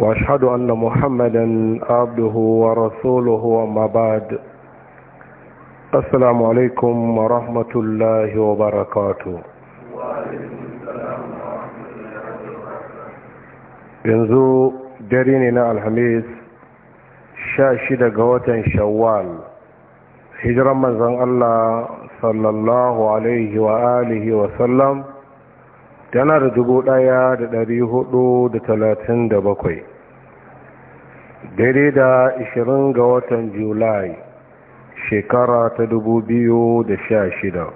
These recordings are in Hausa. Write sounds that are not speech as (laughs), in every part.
واشهد ان محمدا عبده ورسوله وما بعد السلام عليكم ورحمه الله وبركاته yanzu dare ne na alhamis sha shida ga watan shawwal hijiran manzon allah sallallahu alaihi wa alihi wa sallam yana da dubu ɗaya da ɗari hudu da talatin da bakwai daidai da ishirin ga watan julai shekara ta dubu biyu da sha shida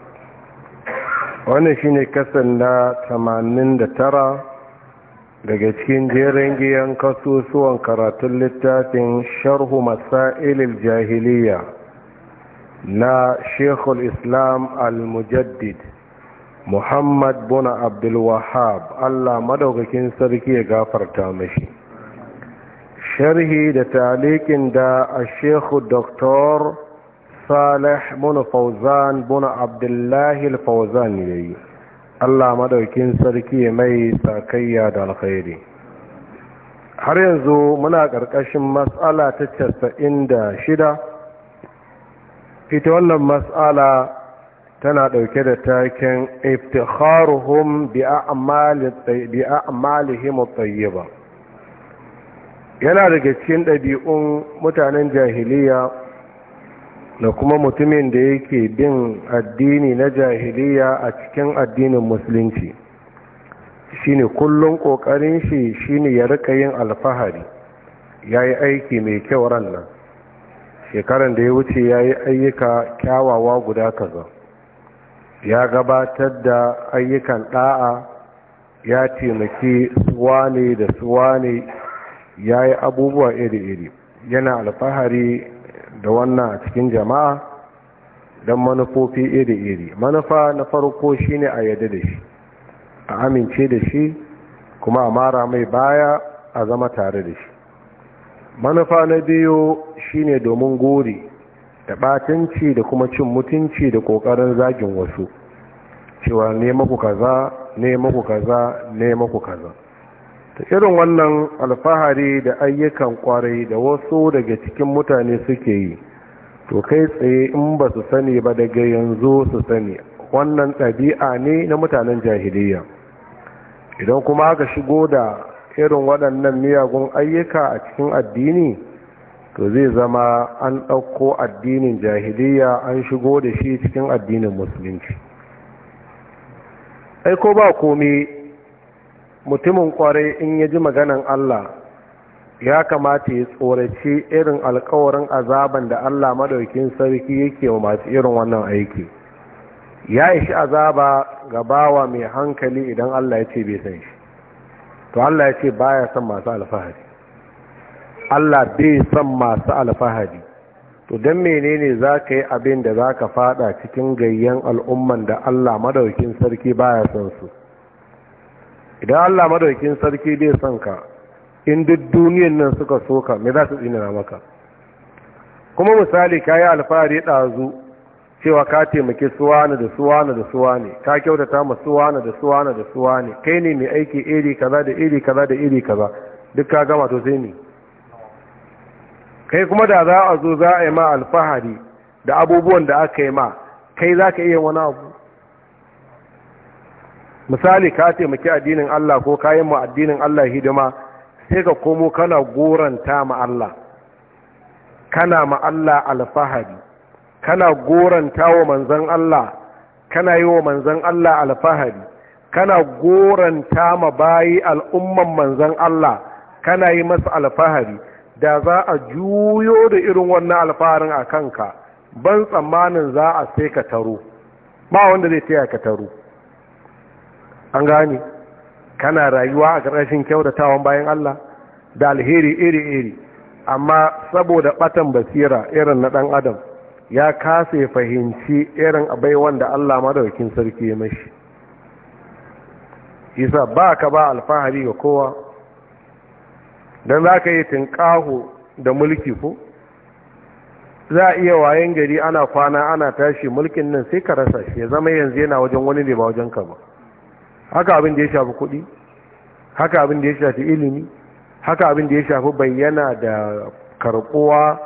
wannan shine kasan na tamanin da tara daga cikin jerin giyan kasusuwan karatun littafin sharhu masailil jahiliya na shekul islam al-mujaddid muhammad buna abdulwahab allah madaukakin sarki ya gafarta mashi sharhi da talikin da a shekhu doktor salih buna fauzan buna abdullahi fauzan ya yi allah madaukakin sarki mai sakayya da alkhairi har yanzu muna ƙarƙashin matsala ta casa'in da shida ita wannan matsala tana ɗauke da taken iftikharuhum bi a'malihim at-tayyiba yana daga cikin ɗabi'un mutanen jahiliya da kuma mutumin da yake bin addini na jahiliya a cikin addinin musulunci shine kullum ƙoƙarin shi shine ya rika yin alfahari yayi aiki mai kyau ran nan shekaran da ya wuce yayi ayyuka kyawawa guda kaza ya gabatar da ayyukan ɗa'a ya taimaki suwane da suwane ya yi abubuwa iri-iri yana alfahari da wannan a cikin jama'a don manufofi iri-iri manufa na farko shine a yadda da shi a amince da shi kuma a mara mai baya a zama tare da shi manufa na biyu shine domin gori da batanci da kuma cin mutunci da kokarin zagin wasu cewa ne maku kaza ne maku kaza ne maku kaza ta irin wannan alfahari da ayyukan kwarai da wasu daga cikin mutane suke yi to kai tsaye in ba su sani ba daga yanzu su sani wannan ɗabi'a ne na mutanen jahiliya idan kuma aka shigo da irin waɗannan miyagun ayyuka a cikin addini to zai zama an ɗauko addinin jahiliya an shigo da shi cikin addinin musulunci ai ko ba komi mutumin ƙwarai in ya ji maganan Allah ya kamata ya tsoraci irin alkawarin azaban da Allah maɗaukin sarki yake wa masu irin wannan aiki ya ishi azaba ga bawa mai hankali idan Allah ya ce bai san shi to Allah ya ce baya son masu alfahari Allah bai san masu alfahari to don menene za ka yi abin da za ka fada cikin gayyan al'umman da Allah madaukin sarki baya son su idan Allah madaukin sarki bai son ka in duk duniyan nan suka so ka me za su tsinina maka kuma misali ka yi alfahari ɗazu cewa ka taimaki ne da suwana da ne? ka kyautata ma suwana da suwana da ne? kai ne mai aiki iri kaza da iri kaza da iri kaza duk ka gama to sai ne kai kuma da za a zo za a yi ma alfahari da abubuwan da aka yi ma kai za ka iya wani abu misali ka taimaki addinin Allah ko kayan ma addinin Allah hidima sai ka komo kana goranta ma Allah kana ma Allah alfahari kana goranta wa manzan Allah kana yi wa manzan Allah alfahari kana goranta ma bayi al'umman manzan Allah kana yi masa alfahari da za a juyo da irin wannan alfarin a kanka ban tsammanin za a sai ka taro ba wanda zai taya ka taro an gane kana rayuwa a ƙarƙashin kyautatawan bayan Allah da alheri iri-iri amma saboda ɓatan basira irin na ɗan adam ya kasa ya fahimci irin abai wanda Allah madaukin sarki ya mashi isa ba ka ba alfahari ga kowa don za ka yi tinkaho da mulki ko za a iya wayan gari ana kwana ana tashi mulkin nan sai ka rasa shi ya zama yanzu yana wajen wani ne ba wajen ka ba haka abin da ya shafi kuɗi haka abin da ya shafi ilimi haka abin da ya shafi bayyana da karbuwa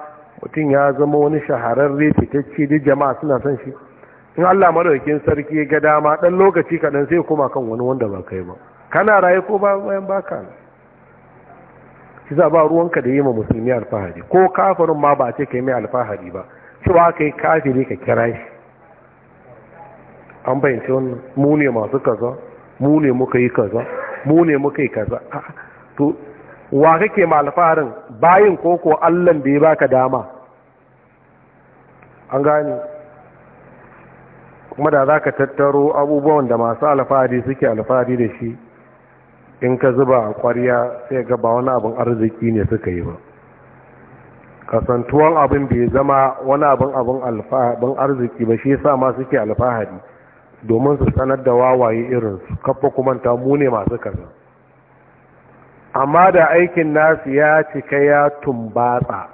mutum ya zama wani shahararre fitacce da jama'a suna son shi in Allah madaukakin sarki ga dama dan lokaci kaɗan sai kuma kan wani wanda ba kai ba kana raye ko ba bayan baka shi za ba ruwanka da yi ma musulmi alfahari ko kafirin ma ba a ce ka yi mai alfahari ba cewa ka yi kafiri ka kira shi an bayyance wannan mu ne masu kaza mu ne muka yi kaza mu ne muka yi kaza to wa kake ma alfaharin bayin ko ko Allah da ya baka dama an gane kuma da za ka tattaro abubuwan da masu alfahari suke alfahari da shi in ka zuba a ƙwarya sai ga ba wani abin arziki ne suka yi ba kasantuwan abin bai zama wani abin abin arziki ba shi sa ma suke alfahari domin su sanar da wawaye su, kafa kuma ta mune masu kaza amma da aikin nasu ya cika ya tumbatsa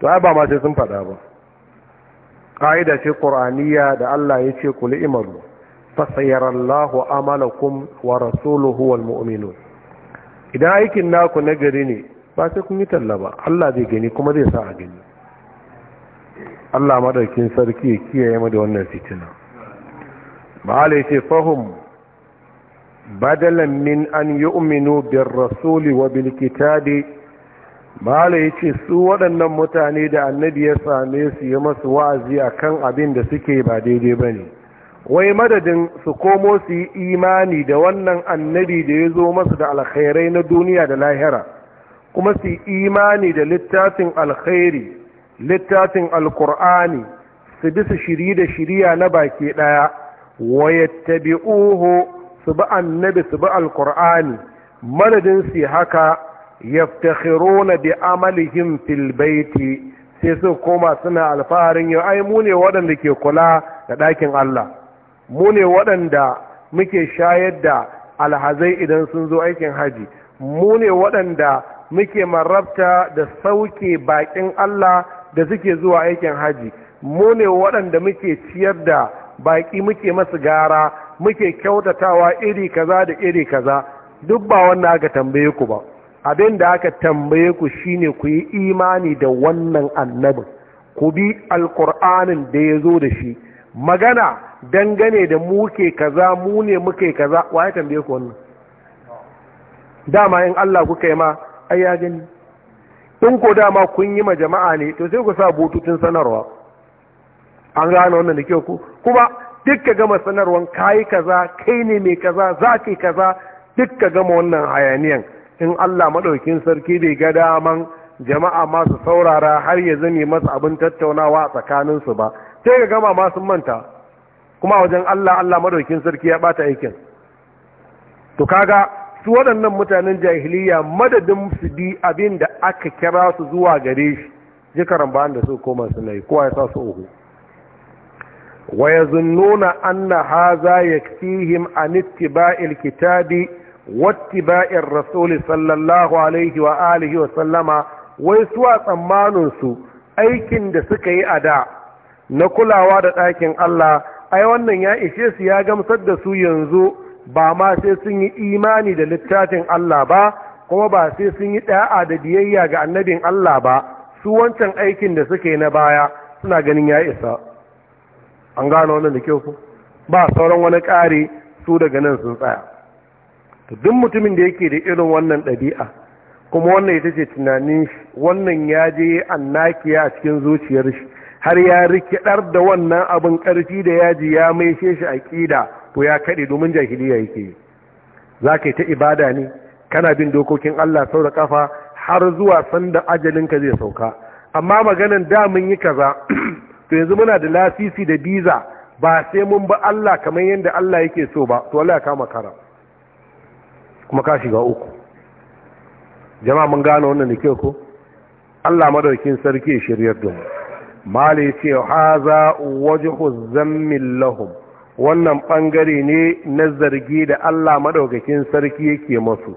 to ai ba ma sai sun faɗa ba ƙa'ida ce ƙur'aniya da Allah ya ce kuli imaru fasayar Allahu amalakum wa rasuluhu wal mu'minun idan aikin naku na gari ne ba sai kun yi talla ba Allah zai gani kuma zai sa a gani Allah madaukin sarki ya kiyaye mu da wannan fitina ma'ala yace fahum badalan min an yu'minu bir rasuli wa bil ba ma'ala yace su waɗannan mutane da annabi ya same su yi masu wa'azi akan abin da suke ba daidai bane wai madadin su komo su yi imani da wannan annabi da ya zo masu da alkhairai na duniya da lahira kuma su yi imani da littafin alkhairi littafin alkur'ani su bi su shiri da shiriya na baki ɗaya wa yattabi'uhu su bi annabi su bi alkur'ani madadin su haka yaftakhiruna bi amalihim fil baiti sai su koma suna alfaharin yau ai mu ne waɗanda ke kula da ɗakin Allah mu ne waɗanda muke shayar da alhazai idan sun zo aikin haji mu ne waɗanda muke marabta da sauke baƙin Allah da suke zuwa aikin haji mu ne waɗanda muke ciyar da baƙi muke masu gara muke kyautatawa iri kaza da iri kaza duk ba wannan aka tambaye ku ba abin da aka tambaye ku shine ku yi imani da wannan annabin ku bi alkur'anin da ya zo da shi magana dangane da mu kaza mu ne muke kaza wa ya tambaye ku wannan dama in Allah kuka yi ma ai ya gani in ko dama kun yi ma jama'a ne to sai ku sa bututun sanarwa an gane wannan da kyau ku kuma duk ka gama sanarwan kai kaza kai ne mai kaza za ka kaza duk ka gama wannan hayaniyan in Allah maɗaukin sarki bai ga daman jama'a masu saurara har ya zame masa abin tattaunawa a tsakaninsu ba sai ka gama masu manta kuma wajen Allah Allah madaukin sarki ya bata aikin to kaga su waɗannan mutanen jahiliya madadin su bi abin da aka kira su zuwa gare shi jikaran ba da su koma su yi kowa ya sa su uku wa yazunnuna anna haza yaktihim an ittiba'il kitabi wattiba'ir rasul sallallahu alaihi wa alihi wa sallama wai suwa tsammanin su aikin da suka yi a da na kulawa da ɗakin Allah ai wannan ya ishe su ya gamsar da su yanzu ba ma sai sun yi imani da littafin Allah ba kuma ba sai sun yi da'a da biyayya ga annabin Allah ba su wancan aikin da suke na baya suna ganin ya isa an gano wannan da kyau ku ba sauran wani ƙari su daga nan sun tsaya to duk mutumin da yake da irin wannan ɗabi'a kuma wannan ita ce tunanin shi wannan ya je annakiya a cikin zuciyar shi har ya rikidar da wannan abin karfi da yaji ya maishe shi aqida to ya kade domin jahiliya yake zaka yi ta ibada ne kana bin dokokin Allah saura kafa har zuwa sanda ajalinka zai sauka amma maganan da mun yi kaza (clears throat) to yanzu muna da lasisi da biza ba sai mun ba Allah kamar yadda Allah yake so ba to Allah ya kama kara kuma ka shiga uku jama'a mun gano wannan da ke ko Allah madaukin sarki ya shiryar da mu mali ce haza wajhu zammin lahum wannan ɓangare ne na zargi da Allah madaukakin sarki yake masu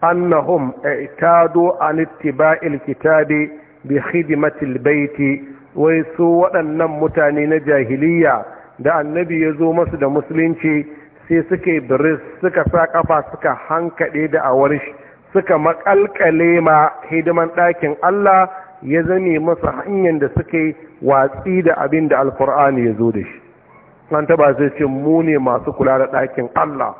annahum i'tadu an ittiba'il kitabi bi khidmatil baiti wai su waɗannan mutane na jahiliya da annabi ya zo masu da musulunci sai suke yi biris suka sa kafa suka hankaɗe da awarshi suka makalkale ma hidiman ɗakin Allah ya zane masa hanyar da suka yi watsi da abin da alkur'ani ya zo da shi an taba zai ce mu ne masu kula da ɗakin allah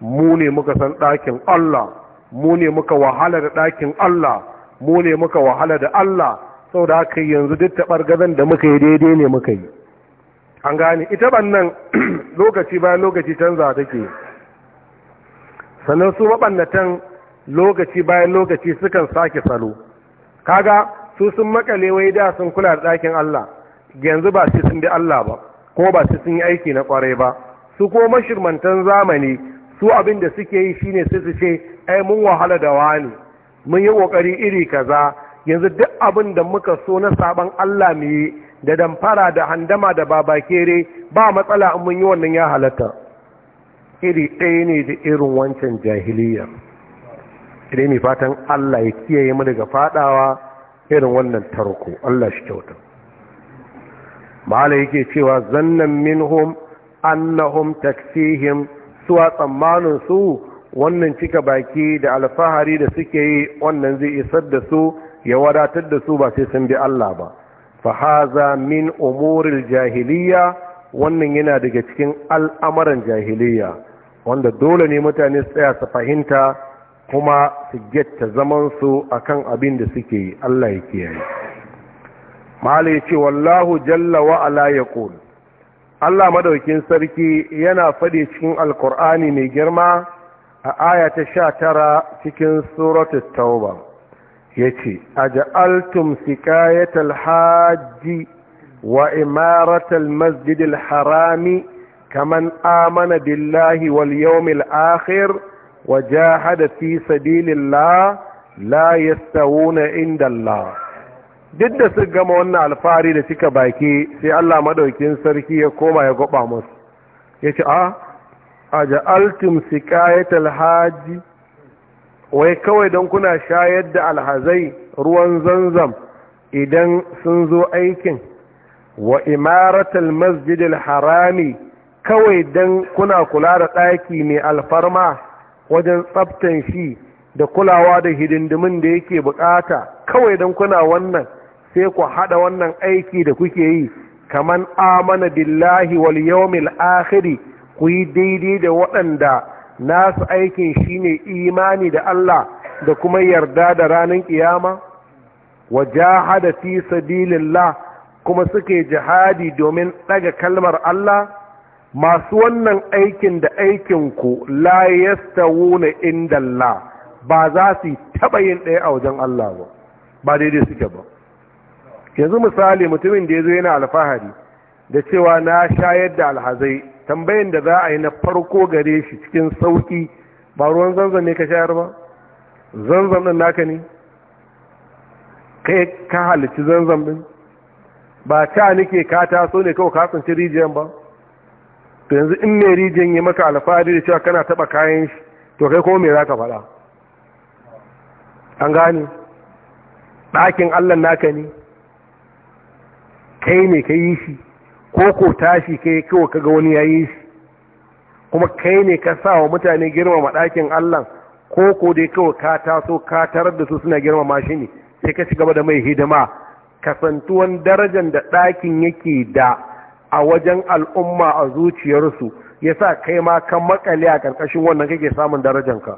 mu ne muka san ɗakin allah mu ne muka wahala da ɗakin allah mu ne muka wahala da allah sau da yi yanzu duk taɓar gazan da muka yi daidai ne muka yi an gane ita nan (clears throat) lokaci bayan lokaci canza take sannan su maɓannatan lokaci bayan lokaci sukan sake salo kaga su sun makale wai da sun kula da ɗakin Allah yanzu ba sai sun bi Allah ba ko ba sai sun yi aiki na kwarai ba su ko mashirmantan zamani su abin da suke yi shine sai su ce ai mun wahala da wani mun yi kokari iri kaza yanzu duk abin da muka so na saban Allah mu yi da damfara da handama da babakere ba matsala in mun yi wannan ya halatta iri ɗaya ne da irin wancan jahiliya idan mai fatan Allah ya kiyaye mu daga fadawa irin wannan tarko Allah shi kyauta ma'ala yake cewa zannan minhum annahum taksihim suwa tsammanin su wannan cika baki da alfahari da suke yi wannan zai isar da su ya wadatar da su ba sai sun bi Allah ba haza min umuril jahiliya wannan yana daga cikin al'amaran jahiliya wanda dole ne mutane su tsaya su fahimta kuma su getta zamansu a kan abin da suke yi Allah ya kiyaye mahala ce wallahu jalla wa'ala ya ƙul Allah madaukin sarki yana faɗi cikin alkur'ani mai girma a aya ta sha tara cikin suratu tauba ya ce a ja'altum sikayatal hajji wa imaratal masjidil harami kaman amana billahi wal yawmil akhir wa jahada fi sabilillah la yastawuna inda Allah duk da su gama wannan alfahari da suka baki sai Allah madaukin sarki ya koma ya goba musu yace a aja'altum siqayatal haji wai kawai don kuna shayar da alhazai ruwan zanzam idan sun zo aikin wa imaratal masjidil harami kawai don kuna kula da ɗaki mai alfarma wajen tsaftan shi da kulawa da hidindimin da yake bukata kawai don kuna wannan sai ku hada wannan aiki da kuke yi kaman amana billahi wal yawmil akhiri ku yi daidai da waɗanda nasu aikin shine imani da Allah da kuma yarda da ranar kiyama wajahada fi sabilillah kuma suke jihadi domin daga kalmar Allah masu wannan aikin da aikinku la yastawuna inda Allah ba za su taɓa yin ɗaya a wajen Allah ba ba daidai suke ba yanzu misali mutumin da ya zo yana alfahari da cewa na shayar da alhazai tambayin da za a yi na farko gare shi cikin sauki ba ruwan zanzan ne ka shayar ba zanzan ɗin naka ne kai ka halicci zanzan ɗin ba ta nake ka taso ne kawai ka tsinci rijiyar ba to yanzu in mai rijiyar yi maka alfahari da cewa kana taba kayan shi to kai kuma mai za ka faɗa an gane ɗakin allah naka ne kai ne ka yi shi ko ko tashi kai kawai kaga wani ya yi shi kuma kai ne ka sa wa mutane girmama ɗakin allah ko ko dai kawai ka taso ka tarar da su suna girmama shi ne sai ka ci gaba da mai hidima kasantuwan darajar da ɗakin yake da a wajen al'umma a zuciyarsu ya sa kai ma kan makale a ƙarƙashin wannan kake samun darajanka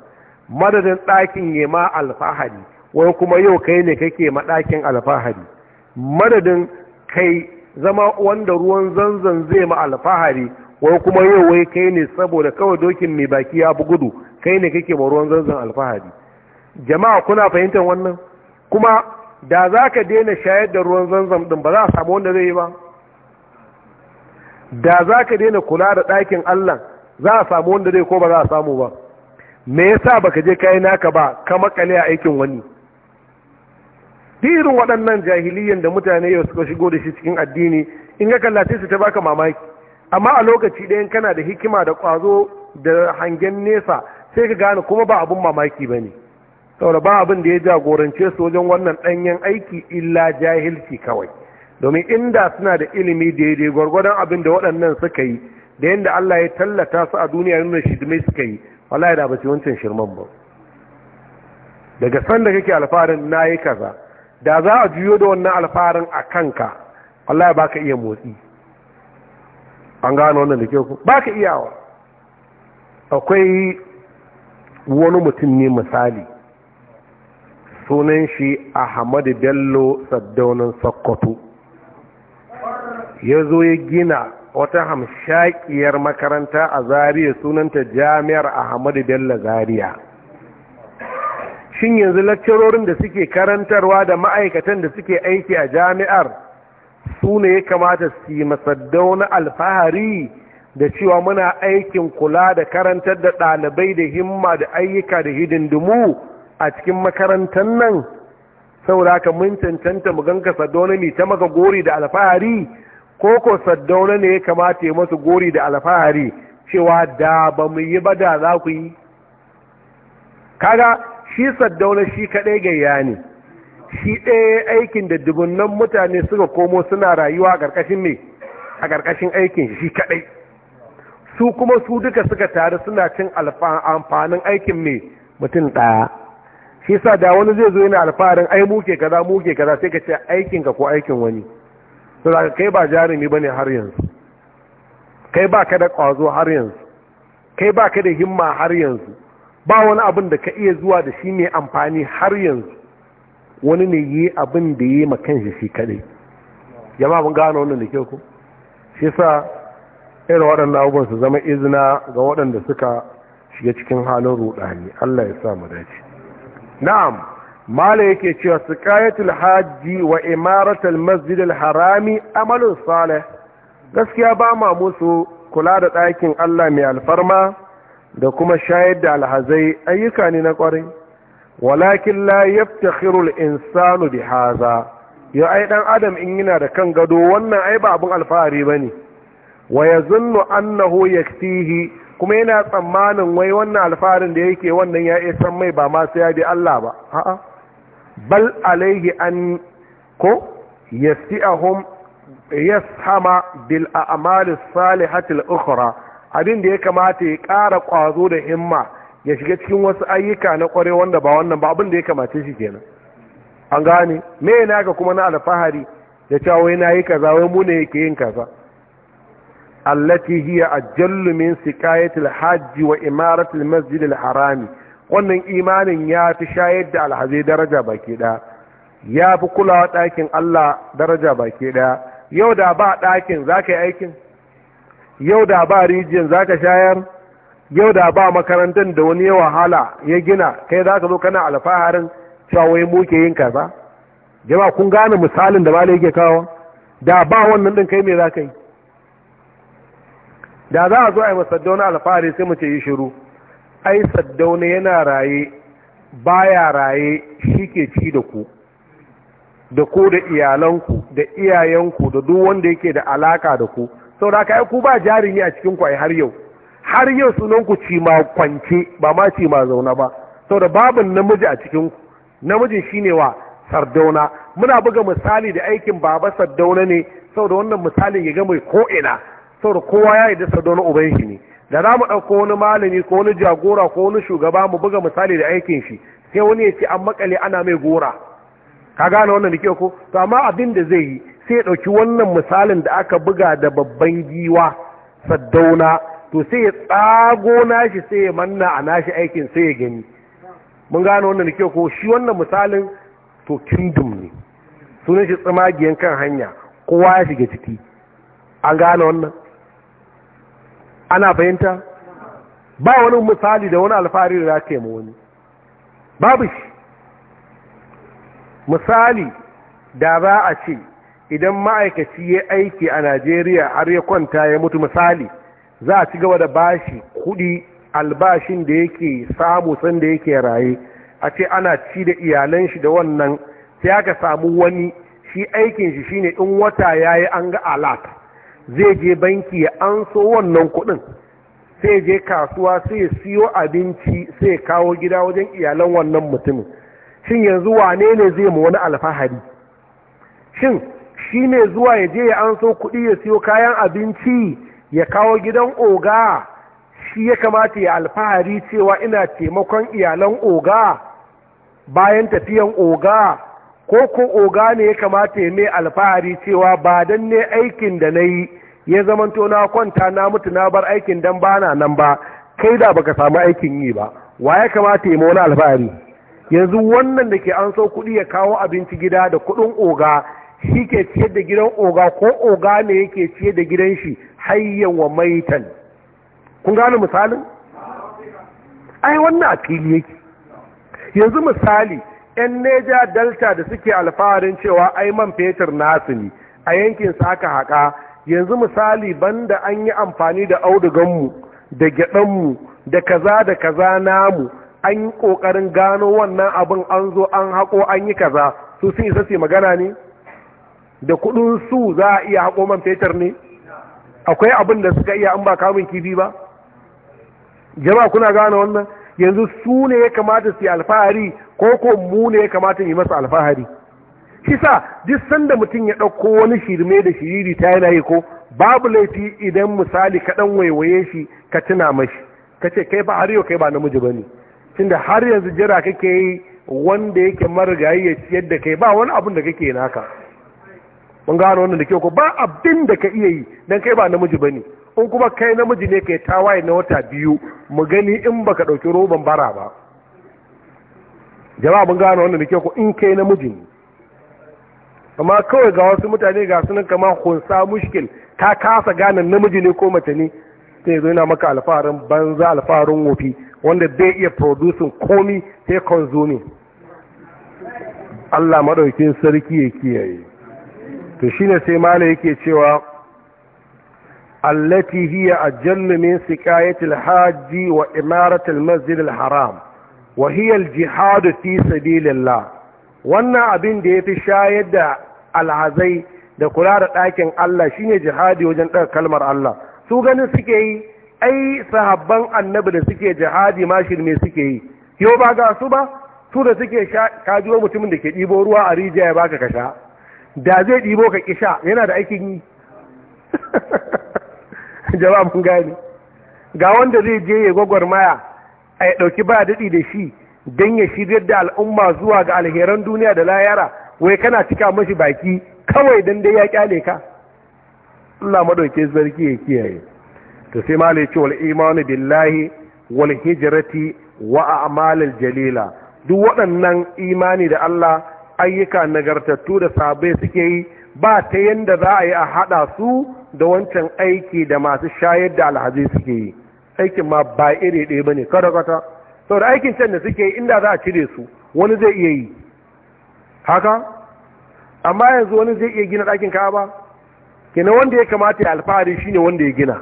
madadin ɗakin ya ma alfahari wai kuma yau kai ne kake ma ɗakin alfahari madadin kai zama wanda ruwan zanzan zai ma alfahari wai kuma yau wai kai ne saboda kawai dokin mai baki ya bi gudu kai ne kake ma ruwan zanzan alfahari jama'a kuna fahimtar wannan kuma da za ka daina shayar da ruwan zanzan ɗin ba za a samu wanda zai yi ba da za ka daina kula da ɗakin Allah za a samu wanda zai ko ba za a samu ba me yasa ka je kai naka ba ka makale a aikin wani irin waɗannan jahiliyan da mutane yau suka shigo da shi cikin addini in ga kallace su ta baka mamaki amma a lokaci ɗayan kana da hikima da ƙwazo da hangen nesa sai ka gane kuma ba abun mamaki ba ne saboda ba abin da ya jagorance su wajen wannan ɗanyen aiki illa jahilci kawai domin inda suna da ilimi daidai gwargwadon abin da waɗannan suka yi da yadda Allah ya tallata su a duniya nuna shidimai suka yi wallahi da ba wancan shirman ba daga san da kake alfarin na yi kaza da za a juyo da wannan alfarin a kanka wallahi ba ka iya motsi an gano wannan da kyau ba ka iyawa akwai wani mutum ne misali sunan shi ahmadu bello saddaunan sokoto ya zo ya gina wata hamshaƙiyar makaranta a zariya sunanta jami'ar ahmadu bello zariya shin yanzu lakcarorin da suke karantarwa da ma'aikatan da suke aiki a jami'ar su ne ya kamata su yi masaddau na alfahari da cewa muna aikin kula da karantar da ɗalibai da himma da ayyuka da hidindimu a cikin makarantar nan saboda haka mun cancanta mu ganka sadonami ta maka gori da alfahari ko ko saddauna ne ya kamata ya masu gori da alfahari cewa da ba mu yi ba da za ku yi kaga shi saddauna shi kaɗai gayya ne shi ɗaya aikin da dubunnan mutane suka komo suna rayuwa a ƙarƙashin mai a ƙarƙashin aikin shi kaɗai su kuma su duka suka taru suna cin amfanin aikin mai mutum ɗaya shi sa da wani zai zo yana alfaharin ai muke kaza muke kaza sai ka ce aikinka ko aikin wani su kai ba jarumi ba ne har yanzu kai ba ka da ƙwazo har yanzu kai ba ka da himma har yanzu ba wani abin da ka iya zuwa da shi ne amfani har yanzu wani ne yi abin da yi makan shi shi kadai jama'a mun gano wannan da kyau ku shi sa irin waɗanda abubuwan su zama izina ga waɗanda suka shiga cikin halin ruɗani Allah ya sa mu dace na'am mala yake cewa sikayatul hajji wa imaratul masjidil harami amalun Saleh. gaskiya ba ma musu kula da ɗakin Allah mai alfarma da kuma shayar da alhazai ayyuka ne na ƙwarai walakin la yaftakhirul insanu bi haza ya ai dan adam in yana da kan gado wannan ai ba abun alfahari bane wa yazunnu annahu yaktihi kuma yana tsammanin wai wannan alfaharin da yake wannan ya isa mai ba ma sai ya bi Allah ba a'a bal alaihi an ko yasi'ahum yashama bil a'mal al ukhra abin da ya kamata ya ƙara ƙwazo da himma ya shiga cikin wasu ayyuka na ƙware wanda ba wannan ba abin da ya kamata shi kenan an gane me yana ka kuma na alfahari Ya cewa wai na yi kaza wai mu ne yake yin kaza allati hiya ajallu min siqayatil hajji wa imaratil al harami wannan imanin ya fi shayar da alhazai daraja baki ɗaya ya fi kulawa ɗakin Allah daraja baki ɗaya yau da ba ɗakin za ka yi aikin yau da ba rijiyar za ka shayar yau da ba makarantar da wani yawa hala ya gina kai za ka zo kana alfaharin cewa wai muke yin kaza jama kun gane misalin da malai yake kawo da ba wannan ɗin kai me za ka yi da za a zo a yi masadda wani alfahari sai mace yi shiru ai saddauna yana raye baya raye shi ke ci da ku da ku da iyalanku da iyayenku da duk wanda yake da alaka da ku sau da aka ku ba jarumi a cikin kwai har yau har yau sunanku ci ma kwance ba ma ci ma zauna ba sau da babin namiji a cikinku namijin shine wa sardauna muna buga misali da aikin baba sardauna ne sau da wannan misalin ya gama mai ko'ina sau da kowa ya yi da sardauna uban shi ne da za mu ɗauko wani malami ko wani jagora ko wani shugaba mu buga misali da aikin shi sai wani ya ce an makale ana mai gora ka gane wannan da ke ko to amma abin da zai yi sai ya ɗauki wannan misalin da aka buga da babban giwa saddauna to sai ya tsago nashi sai ya manna a nashi aikin sai ya gani mun gane wannan da ke ko shi wannan misalin to kingdom ne sunan shi tsamagiyan kan hanya kowa ya shiga ciki an gane wannan ana fahimta ba wani misali da wani alfahari da za mu wani babu shi misali da ba a ce idan ma'aikaci ya aiki a najeriya har ya kwanta ya mutu misali za a ci gaba da bashi kudi albashin da yake samu sanda yake raye a ce ana ci da iyalan shi da wannan sai aka samu wani shi aikin shi shine in wata yayi an ga alata zai je banki ya an so wannan kuɗin sai je kasuwa sai ya siyo abinci sai kawo gida wajen iyalan wannan mutumin shin yanzu wane ne zai mu wani alfahari shin shi ne zuwa ya je ya an so kuɗi ya siyo kayan abinci ya kawo gidan oga shi ya kamata ya alfahari cewa ina taimakon iyalan oga bayan tafiyan oga ko ko oga ne ya kamata ya mai alfahari cewa ba dan ne aikin da na yi ya zamanto na kwanta na mutu na bar aikin dan na nan ba kai da baka samu aikin yi ba wa ya kamata ya mauna alfahari yanzu wannan da ke an so kuɗi ya kawo abinci gida da kuɗin oga shi ke ciyar da gidan oga ko oga ne yake ciyar da gidan shi hayyan wa maitan kun gane misalin ai wannan a fili yake yanzu misali 'yan neja delta da suke alfaharin cewa ai man fetur nasu ne a yankin su aka haƙa yanzu misali banda an yi amfani da auduganmu da gyaɗanmu da kaza da kaza namu an yi ƙoƙarin gano wannan abin an zo an haƙo an yi kaza su sun isa su magana ne da kudin su za a iya haƙo man fetur ne akwai abin da suka iya an ba kamun kifi ba jama kuna gane wannan yanzu su ne ya kamata su yi alfahari ko ko mu ne ya kamata yi masa alfahari shi sa duk sanda mutum ya ɗauko wani shirme da shiriri ta yana yi ko babu laifi idan misali ka ɗan waiwaye shi ka tuna mashi ka ce kai ba har yau kai ba namiji ba ne tunda har yanzu jira kake yi wanda yake marigayi ya kai ba wani abin da kake naka mun gano wannan da kyau ko ba abin da ka iya yi dan kai ba namiji ba ne in kuma kai namiji ne kai tawaye na wata biyu mu gani in baka ɗauki roban bara ba jama'a gano wanda da ke ko in kai namiji ne amma kawai ga wasu mutane ga sunan nan kamar hunsa mushkil ta kasa gane namiji ne ko mace ne sai zo yana maka alfaharin banza alfaharin wofi wanda bai iya producing komi sai consuming Allah maɗaukin sarki ya kiyaye to shine sai mala yake cewa allati hiya ajallu min siqayati Haji wa imaratil masjidil haram. Wahiyar jihadu fi sabilillah wannan abin da ya fi shayar da alhazai da kula da ɗakin Allah shine jihadi wajen ɗaga kalmar Allah su ganin suke yi ai sahabban annabi da suke jihadi ma shirme suke yi yau ba ga su ba su da suke kajiyo mutumin da ke ɗibo ruwa a rijiya ya baka ka sha da zai ɗibo ka kisha yana da aikin yi (laughs) jawabin gani ga wanda zai je ya gwagwarmaya a ya ɗauki ba daɗi da shi don ya shiryar da al'umma zuwa ga alheran duniya da layara wai kana cika mashi baki kawai don dai ya kyale ka Allah madauke sarki ya kiyaye to sai ma ce wal imanu billahi wal hijrati wa a'malil jalila duk waɗannan imani da Allah ayyuka nagartattu da sabai suke yi ba ta yanda za a yi a haɗa su da wancan aiki da masu shayar da alhazi suke yi aikin ma ba iri ɗaya ba ne kwata-kwata sau da aikin can da suke inda za a cire su wani zai iya yi haka amma yanzu wani zai iya gina ɗakin kaba kina wanda ya kamata ya alfahari shine wanda ya gina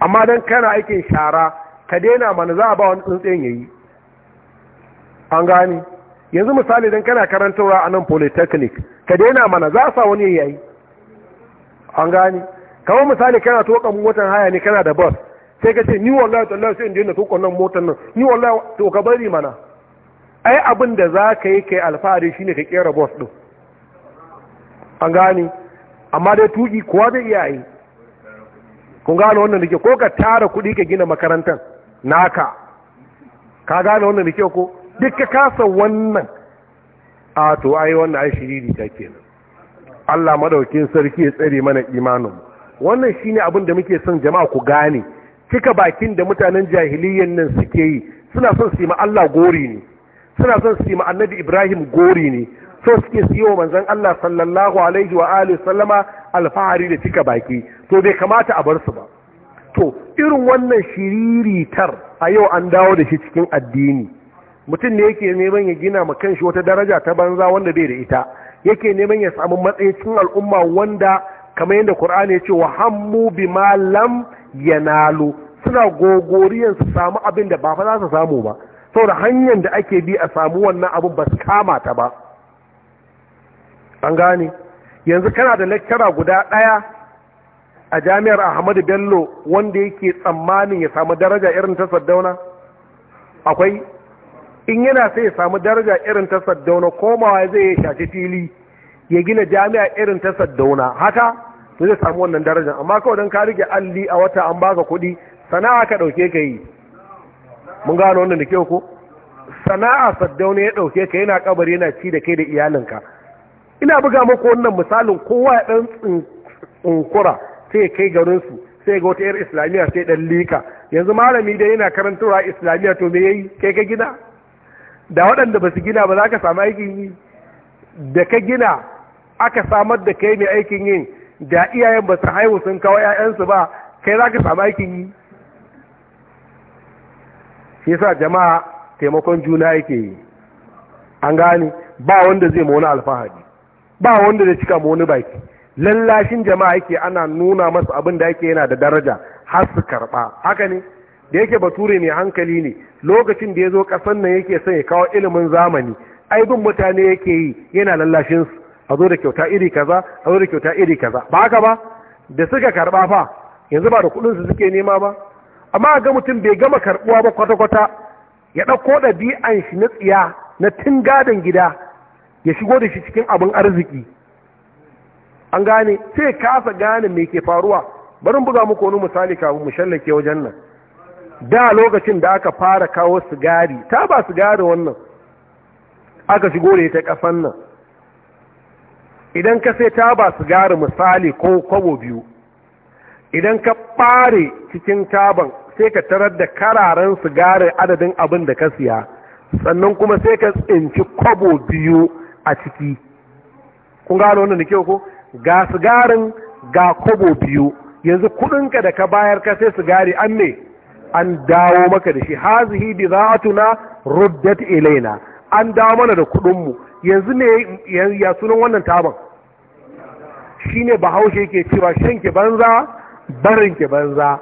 amma don kana aikin shara ka daina mana za a ba wani tsuntsayin ya yi an gani yanzu misali don kana karantarwa a nan polytechnic ka daina mana za a sa wani ya yi an gani kawai misali kana tokan watan haya ne kana da bus sai ka ce ni wallahi tallahi sai in daina tuƙon nan motar nan ni wallahi to ka bari mana ai abin da za ka yi kai alfahari shine ka kera boss din an gane amma dai tuƙi kowa zai iya yi kun gane wannan da ke ko ka tara kuɗi ka gina makarantar naka ka gane wannan da ke ko duk ka kasa wannan a to ai wannan ai shiriri ta kenan Allah madaukin sarki ya tsare mana imanin wannan shine abin da muke son jama'a ku gane cika bakin da mutanen jahiliyan nan suke yi suna son su yi Allah gori ne suna son su yi annabi Ibrahim gori ne so suke su yi wa manzon Allah sallallahu alaihi wa alihi sallama alfahari da cika baki to bai kamata a bar su ba to irin wannan shiriritar a yau an dawo da shi cikin addini mutum ne yake neman ya gina ma kanshi wata daraja ta banza wanda bai da ita yake neman ya samu matsayin cikin al'umma wanda kamar yadda Qur'ani ya ce wa hammu bima lam ya nalo suna gogoriyan su samu abin da ba fa su samu ba saboda hanyar da ake bi a samu wannan abin ba su kama ta ba an gane yanzu kana da lekkara guda ɗaya a jami'ar ahmadu bello wanda yake tsammanin ya samu daraja irin ta saddauna akwai in yana sai ya samu daraja irin ta saddauna komawa zai ya shafi fili ya gina jami'a irin ta saddauna haka to zai samu wannan darajar amma kawai don ka rike alli a wata an baka kuɗi sana'a ka ɗauke ka yi mun gano wannan da kyau ko sana'a saddau ne ya ɗauke ka yana kabari yana ci da kai da iyalinka ina buga muku wannan misalin kowa ya ɗan tsinkura sai kai garinsu sai ga wata 'yar islamiyya sai ɗan lika yanzu malami dai yana karantarwa islamiyya to me yayi kai ka gina da waɗanda ba su gina ba za ka samu aikin yi da ka gina aka samar da kai mai aikin yin da iyayen ba su haihu sun kawo 'ya'yansu ba kai za ka samu aikin yi shi sa jama'a taimakon juna yake yi an gane ba wanda zai ma wani alfahari ba wanda zai cika ma wani baki lallashin jama'a yake ana nuna masu abin da yake yana da daraja har su karɓa haka ne da yake bature mai hankali ne lokacin da ya zo ƙasar nan yake son ya kawo ilimin zamani ai mutane yake yi yana lallashin a zo da kyauta iri kaza a zo da kyauta iri kaza ba haka ba da suka karba fa yanzu ba da kudin su suke nema ba amma a ga mutum bai gama karbuwa ba kwata-kwata ya ɗauko ɗabi'an shi na tsiya na tun gadon gida ya shigo da shi cikin abin arziki an gane sai kasa gane me ke faruwa barin buga muku wani misali kafin mu shallake wajen nan da lokacin da aka fara kawo sigari ta ba sigari wannan aka shigo da ita kasan nan idan ka sai taba sigari misali ko kwabo biyu idan ka ɓare cikin taban sai ka tarar da kararen sigari adadin abin da ka siya sannan kuma sai ka tsinci kwabo biyu a ciki kun gano wannan da kyau ko ga sigarin ga kwabo biyu yanzu kudinka da ka bayar ka sai sigari an ne an dawo maka da shi hazihi bi za'atuna ruddat ilaina an dawo mana da kuɗinmu yanzu ne ya sunan wannan taban shi ne bahaushe ke cewa shanke banza barin ke banza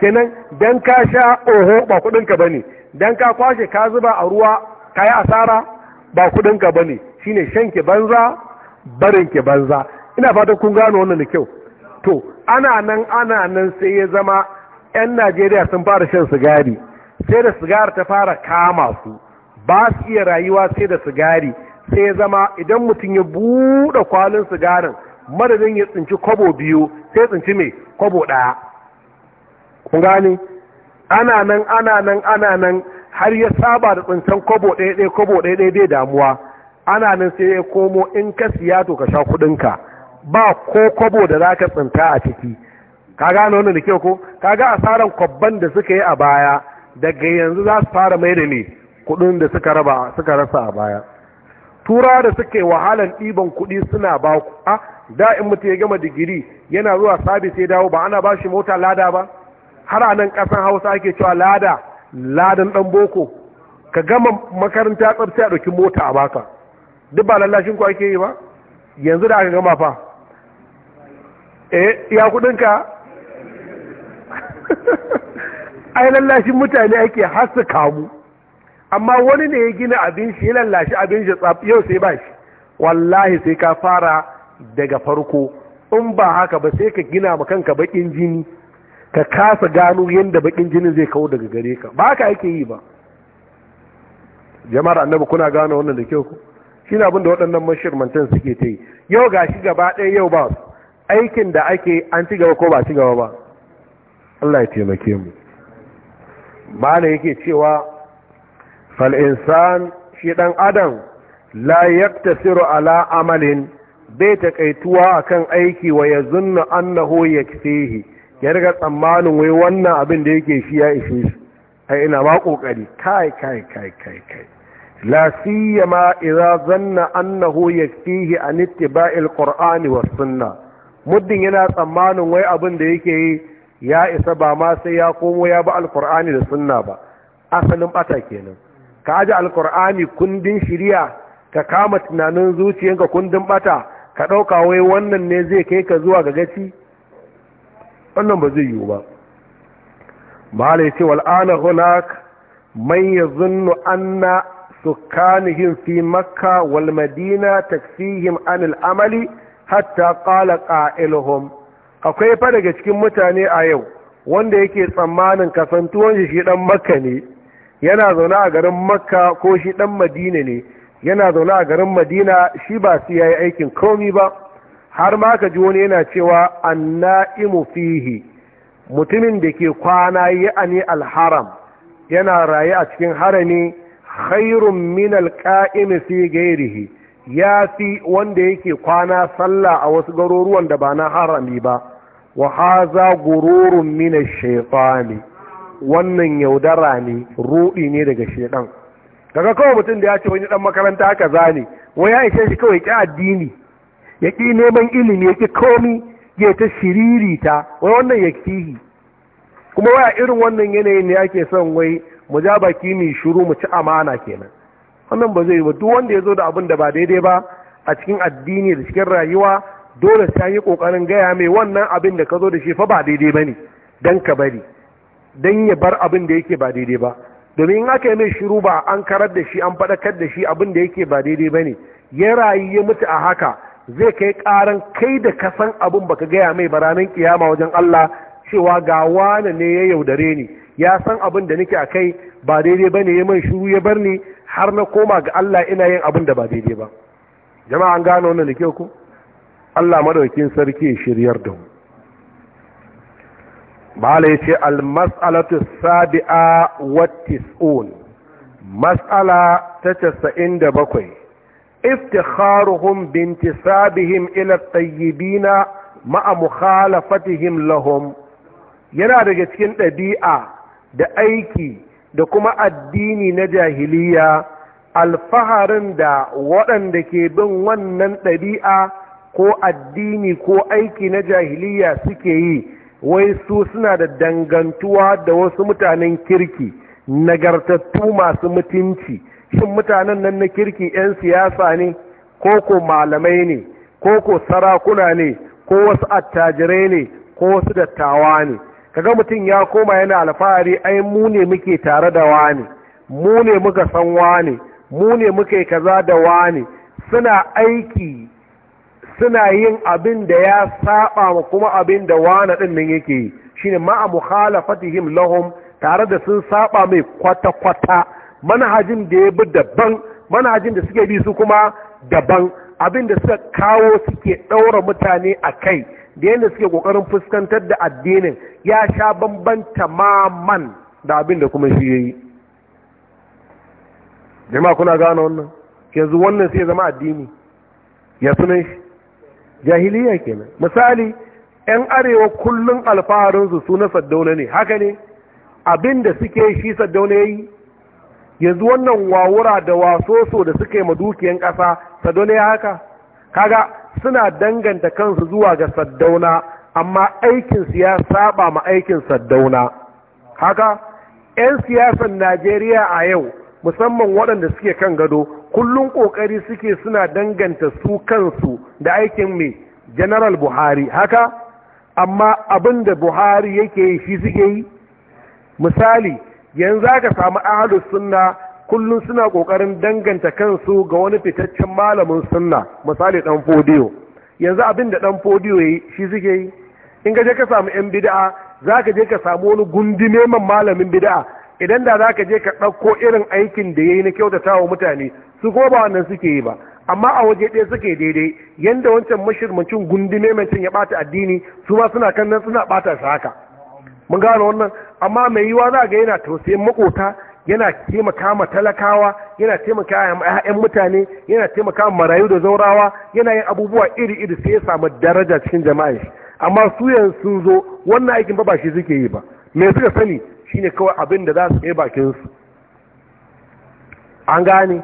kenan don ka sha oho ba kuɗinka ba ne don ka kwashe ka zuba a ruwa ka yi asara ba kuɗinka ba ne shi ne shanke banza ke banza ina fatan kun gano wannan da kyau to ana nan ana nan sai ya zama 'yan najeriya sun fara shan sigari sai da sigari ta fara kama su ba su iya rayuwa sai da sigari sai ya zama idan mutum ya buɗe kwalin sigarin madadin ya tsinci kwabo biyu sai tsinci mai kwabo ɗaya kun gane ana nan ana nan ana nan har ya saba da tsincen kwabo ɗaya ɗaya kwabo ɗaya ɗaya bai damuwa ana nan sai ya komo in ka siya to ka sha kuɗinka ba ko kwabo da za ka tsinta a ciki ka gane wannan da kyau ko ka ga asaran kwabban da suka yi a baya daga yanzu za su fara mai da ne kudin da suka raba suka rasa a baya tura da suke wahalan ɗiban kuɗi suna ba ku a da in mutu ya gama digiri yana zuwa sabis ya dawo ba ana ba shi mota lada ba har a nan ƙasan hausa ake cewa lada ladan ɗan boko ka gama makaranta tsabta a ɗauki mota a baka duk ba lallashin ku ake yi ba yanzu da aka gama fa eh ya ka? (laughs) ai lallashin mutane ake har su kamu amma wani ne ya gina abin shi ya lallashi abin shi tsaf yau sai ba shi wallahi sai ka fara daga farko in ba haka ba sai ka gina ma kanka bakin jini ka kasa gano yadda bakin jinin zai kawo daga gare ka ba haka yake yi ba jama'ar annabi kuna gano wannan da kyau shi na abin da waɗannan mashirmantan suke ta yi yau ga shi gaba ɗaya yau ba aikin da ake an ci gaba ko ba ci gaba ba Allah ya taimake mu ba yake cewa fal'insan shi ɗan adam la yaktasiru ala amalin bai taƙaituwa akan aiki wa ya zunna annahu ya ya riga tsammanin wai wannan abin da yake shi ya ishe shi ai ina ma kokari kai kai kai kai kai la siyama idza zanna annahu yakfihi an ittiba'il qur'ani sunna muddin yana tsammanin wai abin da yake yi ya isa ba ma sai ya komo ya bi alqur'ani da sunna ba asalin ɓata kenan ka ji alkur'ani kundin shirya ka kama tunanin zuciyanka kundin bata ka ɗauka wai wannan ne zai kai ka zuwa ga gaci wannan ba zai yiwu ba mahala ya ce wal'ana hunak man ya zunnu anna kanihin fi makka wal madina fihim anil amali hatta qala qa'iluhum akwai fa daga cikin mutane a yau wanda yake tsammanin kasantuwan shi shi dan makka ne yana zaune a garin makka ko shi dan madina ne yana zaune a garin madina shi ba su yayi aikin komi ba har ma ka ji wani yana cewa anna'imu fihi mutumin da ke kwana ya'ani alharam yana rayu a cikin harami khairun min alqa'imi fi ghairihi ya fi wanda yake kwana sallah a wasu garuruwan da ba na harami ba wa haza gururun min ash-shaytani wannan yaudara ne ruɗi ne daga shedan daga kawai mutum da ya ce wani dan makaranta haka zane wai ya ishe shi kawai ki addini ya ki neman ilimi ya ki komi ya ta shiririta wai wannan ya kihi kuma waya irin wannan yanayin ne ake son wai mu ja baki mu shiru mu ci amana kenan wannan ba zai ba duk wanda ya zo da abin da ba daidai ba a cikin addini da cikin rayuwa dole sai yi kokarin gaya mai wannan abin da ka zo da shi fa ba daidai bane dan ka bari don ya bar abin da yake ba daidai ba domin aka yi mai shiru ba an karar da shi an faɗakar da shi abin da yake ba daidai ba ne ya rayu ya mutu a haka zai kai ƙaran kai da kasan abin baka gaya mai ba ranar kiyama wajen Allah cewa ga wane ne ya yaudare ni ya san abin da nake a kai ba daidai ba ne ya mai shiru ya bar ni har na koma ga Allah ina yin abin da ba daidai ba jama'a an gano wannan da kyau ku Allah madaukin sarki ya shiryar da mu bala ya ce almas'alatu sabi'a wattis'un mas'ala ta casa'in da bakwai iftikharuhum bintisabihim ila tayyibina ma'a mukhalafatihim lahum yana daga cikin ɗabi'a da aiki da kuma addini na jahiliya alfaharin da waɗanda ke bin wannan ɗabi'a ko addini ko aiki na jahiliya suke yi wai su suna da dangantuwa da wasu mutanen kirki nagartattu masu mutunci shin mutanen nan na kirki 'yan siyasa ne ko ko malamai ne ko ko sarakuna ne ko wasu attajirai ne ko wasu dattawa ne kaga mutum ya koma yana alfahari ai mu ne muke tare da wani mu ne muka san wani mu ne muka kaza da wani suna aiki suna yin abin da ya saba wa kuma abin da wana din nan yake shine ma'a mukhalafatihim lahum tare da sun saba mai kwata-kwata manhajin da ya bi daban manhajin da suke bi su kuma daban abin da suka kawo suke ɗaura mutane a kai da yadda suke ƙoƙarin fuskantar da addinin ya sha bambanta maman da abin da kuma shi ya yi jama'a kuna gane wannan yanzu wannan sai zama addini ya sunan shi jahiliya kenan misali yan arewa kullum alfaharinsu su na saddauna ne haka ne abin da suke shi saddauna ya yi yanzu wannan wawura da wasoso da suka yi ma dukiyan ƙasa saddauna ya haka kaga suna danganta kansu zuwa ga saddauna amma aikinsu ya saba ma aikin saddauna haka 'yan siyasan najeriya a yau musamman waɗanda suke kan gado kullum kokari suke suna danganta su kansu da aikin mai general buhari haka amma abin da buhari yake yi shi suke yi misali yanzu aka samu ahalus sunna kullum suna kokarin danganta kansu ga wani fitaccen malamin sunna misali dan fodiyo yanzu abin da dan fodiyo yi shi suke yi in ka je ka samu yan bid'a ka je ka samu wani gundume neman malamin bida'a. idan da za ka je ka ɗauko irin aikin da ya yi na kyautata wa mutane su ko ba wannan suke yi ba amma a waje ɗaya suke daidai yadda wancan mashirmancin gundi maimacin ya ɓata addini su ma suna kan nan suna ɓata su haka mun gano wannan amma mai yiwa za ga yana tausayin makota yana taimaka ma talakawa yana taimaka ma 'ya'yan mutane yana taimaka ma marayu da zaurawa yana yin abubuwa iri-iri sai ya samu daraja cikin jama'a shi amma su yanzu sun zo wannan aikin ba ba shi suke yi ba me suka sani Shi ne kawai abin da za su kai bakinsu an gane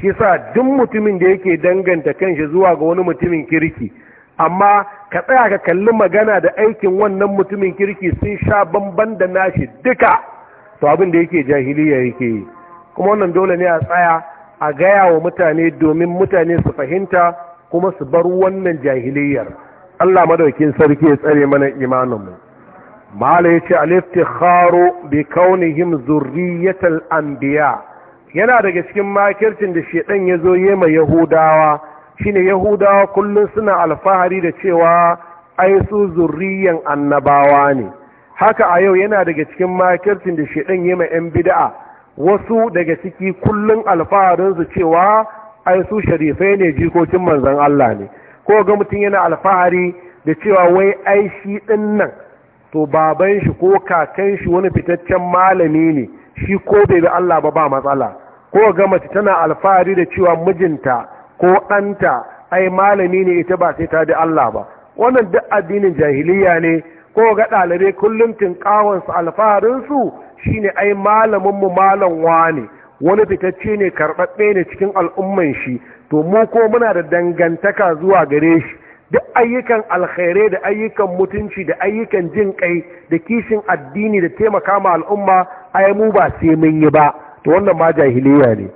shi sa duk mutumin da yake danganta kan shi zuwa ga wani mutumin kirki amma ka tsaya ka kalli magana da aikin wannan mutumin kirki sun sha bamban da nashi duka to abin da yake jahiliya yake yi kuma wannan dole ne a tsaya a gaya wa mutane domin mutane su fahimta kuma su bar wannan jahiliyar Allah madaukin sarki ya tsare mana imanin mu mala yace al-iftikharu bi kaunihim zurriyatal anbiya yana daga cikin makircin da shedan yazo yema yahudawa shine yahudawa kullun suna alfahari da cewa ai su zurriyan annabawa ne haka a yau yana daga cikin makircin da shedan yema yan bid'a wasu daga ciki kullun alfaharin su cewa ai su sharifai ne jikokin manzon Allah ne ko ga mutum yana alfahari da cewa wai ai shi din nan to baban shi ko kakan shi wani fitaccen malami ne shi ko bai bi Allah ba ba matsala ko ga mace tana alfahari da cewa mijinta ko ɗanta ai malami ne ita ba sai ta bi Allah ba wannan duk addinin jahiliya ne ko ga ɗalibai kullum alfaharin su shine ai malaminmu malam wane wani fitacce ne karɓaɓɓe ne cikin al'umman shi to mu ko muna da dangantaka zuwa gare shi duk ayyukan alkhairai da ayyukan mutunci da ayyukan jin kai da kishin addini da taimaka ma al'umma ai mu ba sai mun yi ba to wannan ma jahiliya ne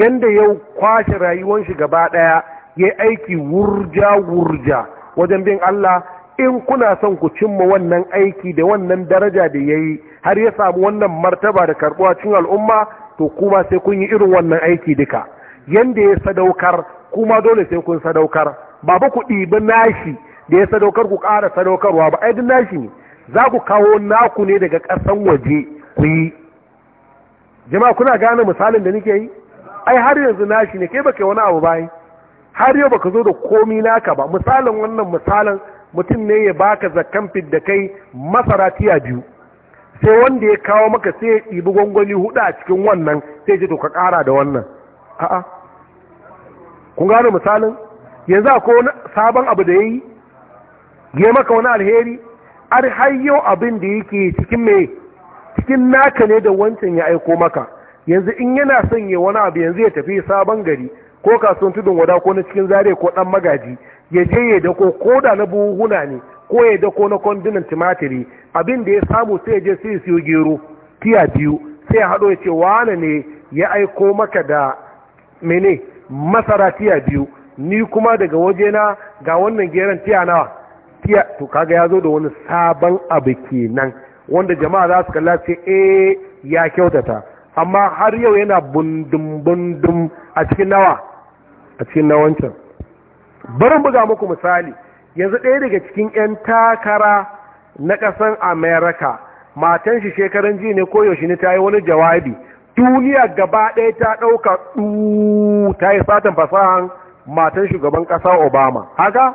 yanda yau kwashe rayuwar shi gaba daya ya aiki wurja wurja wajen bin Allah in kuna son ku cimma wannan aiki da wannan daraja da yayi har ya samu wannan martaba da karbuwa cikin al'umma to kuma sai kun yi irin wannan aiki duka yanda ya sadaukar kuma dole sai kun sadaukar ba ba ku ɗibi nashi da ya sadaukar ku ƙara sadaukarwa ba ai duk nashi ne za ku kawo naku ne daga ƙasan waje ku yi jama'a kuna gane misalin da nake yi ai har yanzu nashi ne kai baka wani abu bayan har yau baka zo da komi naka ba misalin wannan misalin mutum ne ya baka zakkan fit da kai masara tiya biyu sai wanda ya kawo maka sai ya ɗibi gwangwani hudu a cikin wannan sai ji to ka ƙara da wannan a'a kun gane misalin yanzu akwai wani sabon abu da ya yi ya maka wani alheri har har yau abin da yake cikin mai cikin naka ne da wancan ya aiko maka yanzu in yana son ya wani abu yanzu ya tafi sabon gari ko kasuwan tudun wada ko na cikin zare ko dan magaji ya je ya dako ko da na buhuna ne ko ya dako na kwandunan tumatiri abin da ya samu sai ya je sai siyo gero tiya biyu sai ya haɗo ya ce wane ne ya aiko maka da mene masara tiya biyu ni kuma daga wajena ga wannan geran tiya nawa tiya to kaga ya zo da wani sabon abu kenan wanda jama'a za su kalla ce eh ya kyautata amma har yau yana bundum bundum a cikin nawa a cikin nawancan barin buga muku misali yanzu ɗaya daga cikin 'yan takara na ƙasar amerika matan shi shekaran ji ne koyaushe ne ta yi wani jawabi duniya gaba ɗaya ta ɗauka ɗu ta yi satan fasahan matan shugaban ƙasa obama haka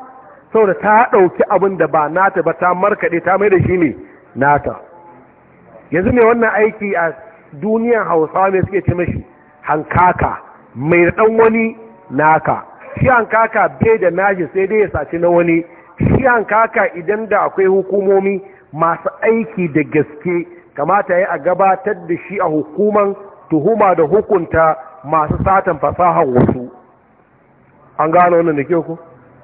saboda ta ɗauki abin da ba nata ba ta markaɗe ta mai da shi ne nata yanzu ne wannan aiki a duniyan hausawa mai suke ci mashi hankaka mai ɗan wani naka shi hankaka bai da naji sai dai ya saci na wani shi hankaka idan da akwai hukumomi masu aiki da gaske kamata ya a gabatar da shi a hukuman tuhuma da hukunta masu satan fasahar wasu an gano wannan da ke ku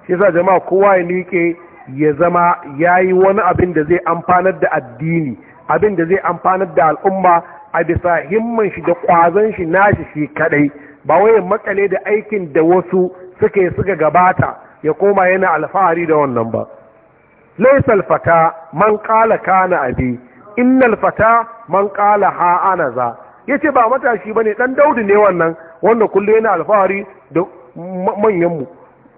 shi sa jama'a kowa ya nike ya zama ya yi wani abin da zai amfanar da addini abin da zai amfanar da al'umma a bisa himman shi da ƙwazon shi nashi shi kaɗai, ba wai makale da aikin da wasu suke suka gabata ya koma yana alfahari da wannan ba laisal fata man qala kana abi innal fata man qala ha ana za yace ba matashi ba ne dan daudu ne wannan wanda kullu yana alfahari da manyanmu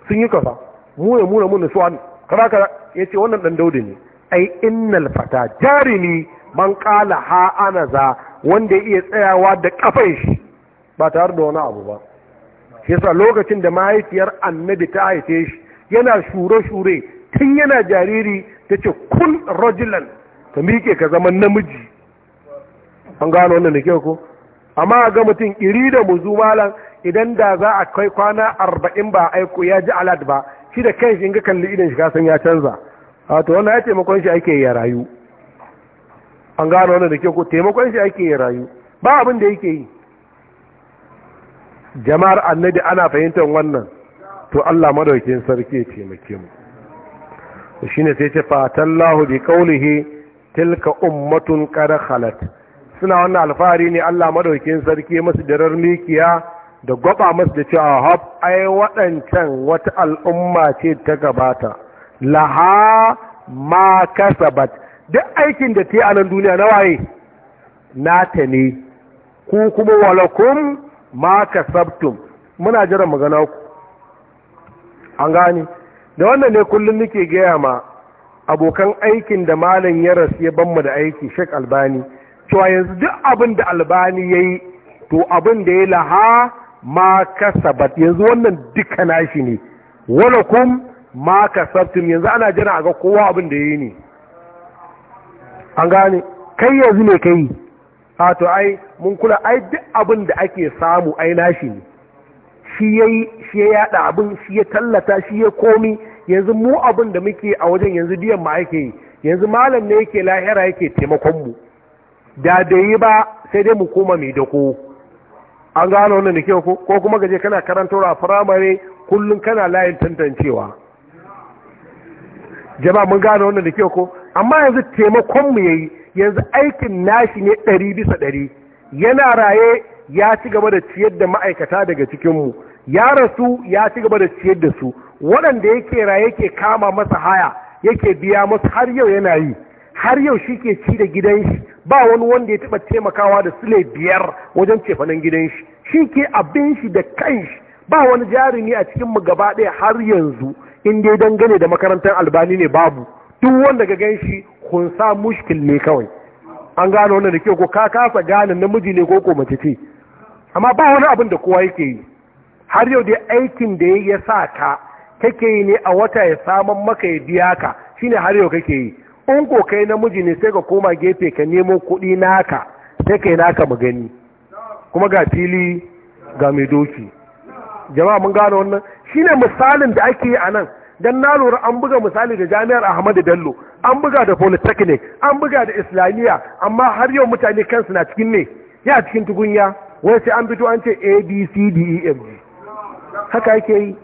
sun yi kasa mu ne mu su an kada-kada. ya ce wannan dan daudi ne ai innal fata jarimi man ƙala ha ana wanda ya iya tsayawa da kafan shi ba tare da wani abu ba shi yasa lokacin da mahaifiyar annabi ta haife shi yana shure-shure tun yana jariri ta ce kun rajulan ka mike ka zama namiji an gano wannan da ke ko amma ga mutum iri da muzu malam idan da za a kai kwana arba'in ba aiko ya ji alat ba shi da kai shi in ga kalli idan shi kasan ya canza a to wannan ya taimakon shi ake ya rayu an gano wannan da ke ko taimakon shi ake ya rayu ba abin da yake yi jama'ar annabi ana fahimtar wannan to Allah madaukakin sarki ya taimake mu shine sai ce fatallahu bi qawlihi tilka ummatun qad khalat suna wannan alfahari ne Allah madaukin sarki masu jirar mikiya da gwaba masu da cewa hab ai waɗancan wata al'umma ce ta gabata laha ma kasabat duk aikin da ta yi a nan duniya na waye Na ta ne ku kuma walakum ma kasabtum muna jiran magana ku an gane da wannan ne kullum nake gaya ma abokan aikin da malam ya rasu ya mu da aiki shek albani to yanzu duk abin da albani ya yi to abin da ya laha ma kasabat yanzu wannan duka nashi ne wala kum ma kasabtun yanzu ana jira a ga kowa abin da ya yi ne an gane kai yanzu ne kai a to ai mun kula ai duk abin da ake samu ai nashi ne shi ya yi shi ya yada abin shi ya tallata shi ya komi yanzu mu abin da muke a wajen yanzu biyan ma ake yi yanzu malam ne yake lahira yake taimakon mu da bai yi ba sai dai mu koma mai dako an gano wannan da kyau ko ko kuma gaje kana karantar a firamare kullum kana layin tantancewa jama'a mun gano wannan da kyau ko amma yanzu taimakon mu yayi yanzu aikin nashi ne ɗari bisa ɗari yana raye ya ci gaba da ciyar da ma'aikata daga cikin mu ya rasu ya ci gaba da ciyar da su waɗanda yake raye yake kama masa haya yake biya masa, har yau yana yi har yau shi ke ci da gidan shi ba wani wanda ya taɓa taimakawa da sule biyar wajen cefanen gidan shi shi ke abin shi da kanshi ba wani jarumi a cikin mu gaba ɗaya har yanzu in dai dangane da makarantar albani ne babu duk wanda ga gan shi kunsa mushkil ne kawai an gano wannan da ke ko ka kasa gane namiji ne ko ko mace ce amma ba wani abin da kowa yake yi har yau dai aikin da ya sa ka kake yi ne a wata ya saman maka ya biya ka shine har yau kake yi in ko kai namiji ne sai ka koma gefe ka nemo kuɗi naka sai kai naka mu gani kuma ga fili ga mai doki jama'a mun gano wannan shine misalin da ake yi a nan don na lura an buga misali da jami'ar ahmadu bello an buga da polytechnic an buga da islamiyya amma har yau mutane kansu na cikin ne ya cikin tukunya wai sai an fito an ce a d e, haka yake yi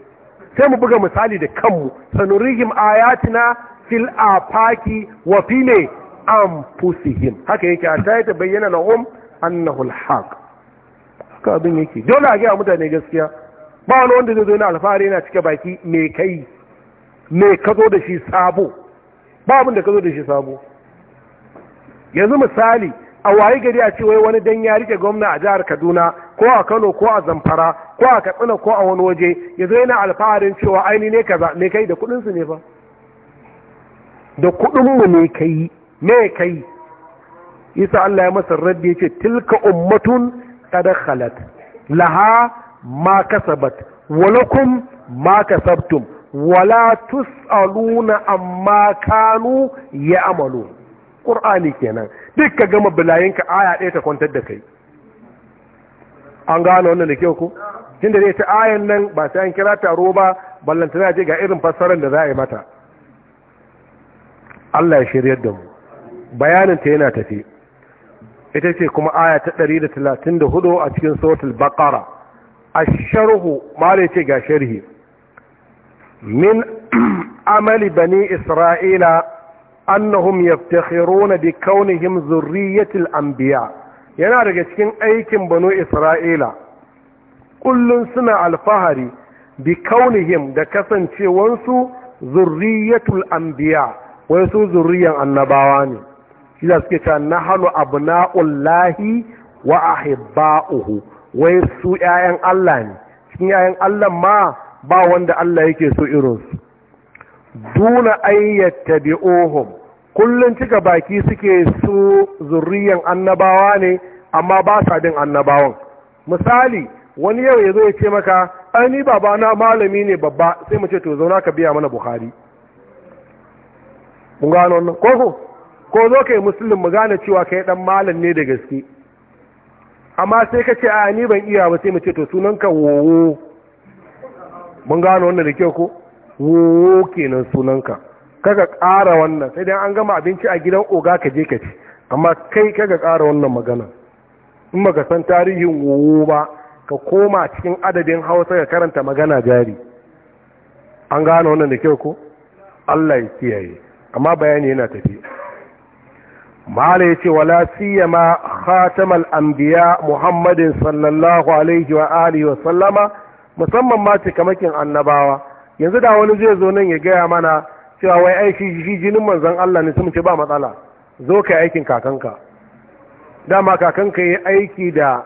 sai mu buga misali da kanmu sanurihim ayatina fil afaki wa fi ne anfusihim haka yake a ta ta bayyana na um annahu alhaq haka abin yake dole a gaya mutane gaskiya ba wani wanda zai zo na alfahari yana cike baki me kai me ka zo da shi sabo ba abin da ka zo da shi sabo yanzu misali a waye gari a ce wai wani dan ya rike gwamna a jihar Kaduna ko a Kano ko a Zamfara ko a Katsina ko a wani waje ya zo yana alfaharin cewa aini ne kaza me kai da kudin su ne fa da kudinmu ne ka yi me ka yi isa Allah ya masa raddi ya ce tilka ummatun kada khalat laha ma kasabat walakum ma kasabtum wala tus'aluna amma kanu ya amalu. qur'ani kenan duk ka gama ka aya ɗaya ta kwantar da kai an gano wannan da kyau ko tunda dai ta ayan nan ba sai an kira taro ba ballantana je ga irin fassarar da za a yi mata Allah ya shirya da mu bayaninta yana tafi ita ce kuma aya ta 134 a cikin suratul baqara asharhu mala ce ga sharhi min (clears throat) amali bani isra'ila annahum yaftakhiruna bi kaunihim zurriyatul anbiya yana daga cikin aikin banu isra'ila kullun suna alfahari bi kaunihim da kasancewansu zurriyatul anbiya wai su zurriyan annabawa ne shi da suke cewa abu abna'ullahi wa ahibba'uhu wai su ƴaƴan Allah ne cikin ƴaƴan Allah ma ba wanda Allah yake so irin su duna ayyattabi'uhum kullum cika baki suke su zurriyan annabawa ne amma ba sa bin annabawan misali wani yau ya zo ya ce maka ai ni babana malami ne babba sai mu ce to zauna ka biya mana bukhari mun gano wannan ko ko ko zo kai musulun mu gane cewa kai dan malam ne da gaske amma sai ka ce a ni ban iya ba sai mu ce to sunanka wowo mun gano wannan da kyau ko wowo kenan sunanka kaga ƙara wannan sai dai an gama abinci a gidan oga ka je ka ci amma kai kaga ƙara wannan magana in baka san tarihin wowo ba ka koma cikin adadin hausa ka karanta magana jari an gano wannan da kyau ko Allah ya kiyaye amma bayani yana tafi mala ya ce wala ma khatamal Ambiya, muhammadin sallallahu alaihi wa alihi wa sallama musamman ma kamakin annabawa yanzu da wani zai zo nan ya gaya mana cewa wai ai shi jinin manzon Allah ne sun ce ba matsala zo kai aikin kakanka dama kakanka yi aiki da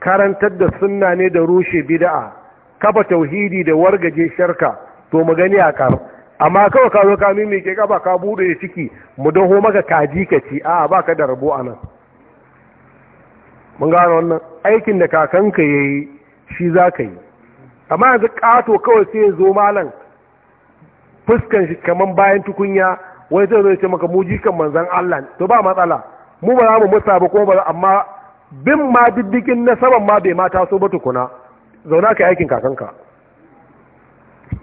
karantar da sunna ne da rushe bid'a kafa tauhidi da wargaje sharka to mu gani a kar amma kawai ka zo ka ke ka ba ka bude ciki mu daho maka kaji ka ci a ba ka da rabo anan nan mun gano wannan aikin da kakanka ya yi shi za ka yi amma yanzu ƙato kawai sai ya zo malam fuskan shi kamar bayan tukunya wai zai zai ce maka mu jikan manzan Allah to ba matsala mu ba za mu musa ba kuma ba amma bin ma diddikin na saman ma bai ma taso ba tukuna zauna ka aikin kakanka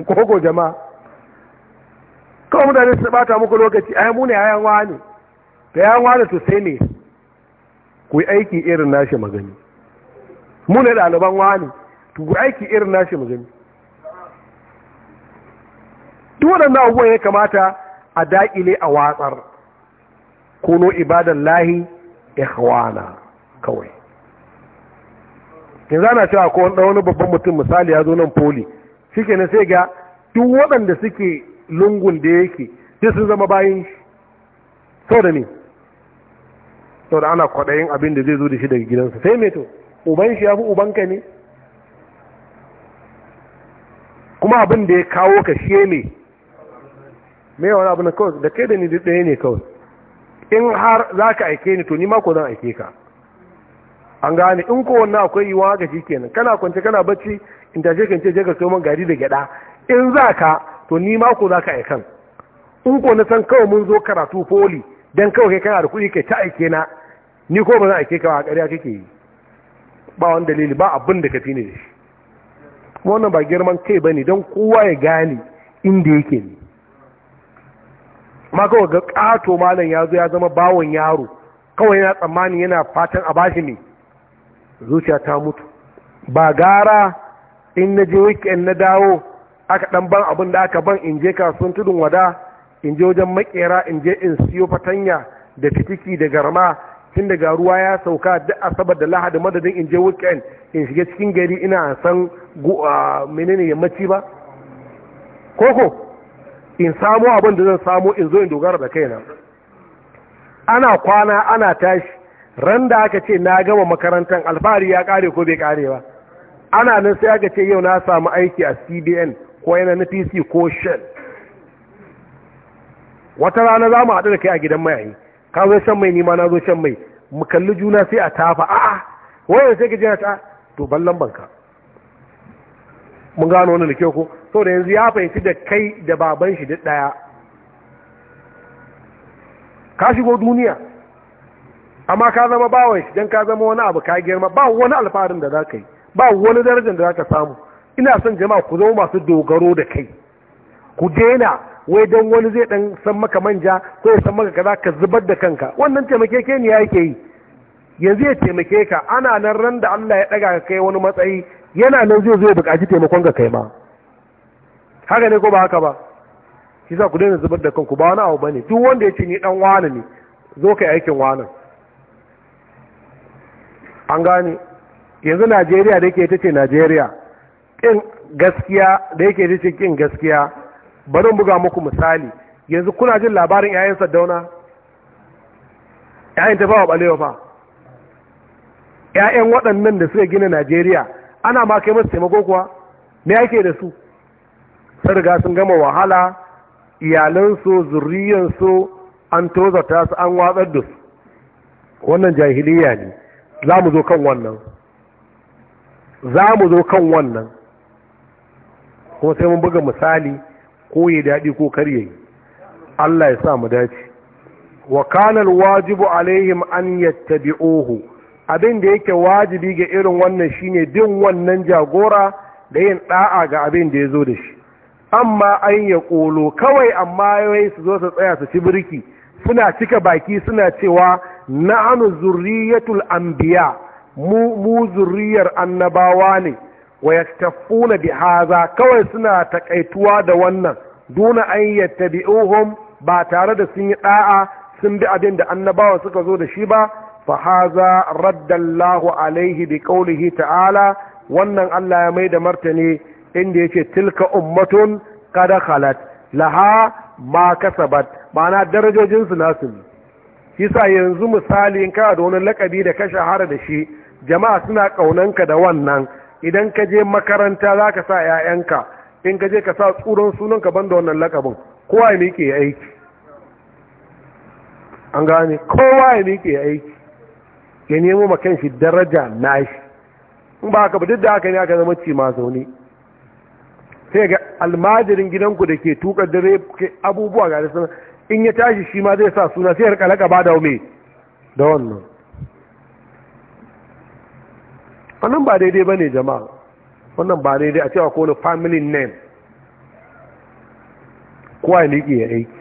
ko ko jama'a kawai mutane su bata muku lokaci ai mu ne ayan wani da ya wani su sai ne ku yi aiki irin nashi magani mu ne ɗaliban wani to ku aiki irin nashi magani duk waɗannan abubuwan ya kamata a daƙile a watsar kuno ibadan lahi ikhwana kawai yanzu ana cewa ko wani babban mutum misali ya zo nan poli shi sai ga duk waɗanda suke lungun da yake sai sun zama bayan shi sau da ne sau da ana kwaɗayin abin da zai zo da shi daga gidansa sai me to uban shi ya fi ubanka ne kuma abin da ya kawo ka shi ne mai wani abin da kawai da kai da ni ɗaya ne kawai in har za ka aike ni to ni mako zan aike ka an gane in ko wannan akwai yiwuwa ga shi kenan kana kwance kana bacci in tashe kan ce je ka kai man gari da gyada in za ka to ni ma ko za ka aikan in ko na san kawai mun zo karatu foli don kawai kai kana da kuɗi kai ta aike na ni ko ba zan aike ka a ƙarya kake yi ba wani dalili ba abin da ka fi ni da shi wannan ba girman kai ba ne don kowa ya gane inda yake ne ma kawai ga ƙato malam ya zo ya zama bawon yaro kawai yana tsammani yana fatan a bashi ne zuciya ta mutu ba gara in na je in na dawo aka ɗan ban abin da aka ban in je kasuwan tudun wada in je wajen makera in je in siyo fatanya da fitiki da garma tun daga ruwa ya sauka duk asabar da lahadi madadin in je weekend in shiga cikin gari ina san menene yammaci ba koko in samo abin da zan samo in zo in dogara da kai na? ana kwana ana tashi ran da aka ce na gama makarantar alfahari ya kare ko bai kare ba ana nan sai aka ce yau na samu aiki a cbn ko yana na pc ko shell wata rana za mu haɗu da kai a gidan mayayi ka zo shan mai nima na zo shan mai mu kalli juna sai a tafa a'a wannan sai ka ta ah, to ballan banka mun gano wannan da ke ko so da yanzu ya fahimci da kai da baban shi duk daya ka shigo duniya amma ka zama bawan shi dan ka zama wani abu ka girma ba wani alfarin da za ka yi ba wani darajar da za ka samu ina son jama'a ku zama masu dogaro da kai ku daina wai don wani zai dan san maka manja ko ya san maka kaza ka zubar da kanka wannan ne yake yi yanzu ya taimake ka ana nan ran da Allah ya daga ka kai wani matsayi yana nan zai zo ya buƙaci taimakon ka kai ma haka ne ko ba haka ba shi sa ku daina zubar da kanku ba wani abu bane duk wanda ya ce ni dan wani ne zo kai aikin wani an gane yanzu Najeriya da yake ta ce Najeriya ƙin gaskiya da yake ricin ƙin gaskiya bari buga muku misali yanzu kuna jin labarin 'ya'yan saddauna 'ya'yan tafawa balewa fa 'ya'yan waɗannan da suka gina najeriya ana ma kai masu taimako kuwa me ake da su sun riga sun gama wahala iyalansu zurriyansu an tozarta su an watsar da su wannan jahiliya ne za mu zo kan wannan za mu zo kan wannan kuma sai mun buga misali ko ya daɗi ko kar yayi Allah ya sa mu dace wa kana alwajibu alaihim an yattabi'uhu abin da yake wajibi ga irin wannan shine bin wannan jagora da yin da'a ga abin da ya zo da shi amma an ya kolo kawai amma yawai su zo su tsaya su ci birki suna cika baki suna cewa na'anu zurriyatul anbiya mu mu zurriyar annabawa ne wa yaktafuna bi haza kawai suna takaituwa da wannan duna an yattabi'uhum ba tare da sun yi da'a sun bi abin da annabawa suka zo da shi ba fa haza raddallahu alaihi bi qawlihi ta'ala wannan Allah ya mai da martani inda yace tilka ummatun qad khalat laha ma kasabat ma'ana darajojin su nasu yasa yanzu misali in kana da wani lakabi da ka shahara da shi jama'a suna kaunanka da wannan idan ka je makaranta za ka sa 'ya'yanka in ka je ka sa tsuron sunanka ban banda wannan lakabin kowa ya miƙe ya aiki an gane kowa ya miƙe ya aiki ya nemo makan shi daraja nashi in ba haka ba duk da haka ne aka zama ci ma zaune sai ga almajirin gidanku da ke tuka dare abubuwa ga da in ya tashi shi ma zai sa suna sai ya rika lakaba ba da da wannan wannan ba daidai ba ne jama'a wannan ba daidai a cewa ko wani family name kowa ya liƙe ya aiki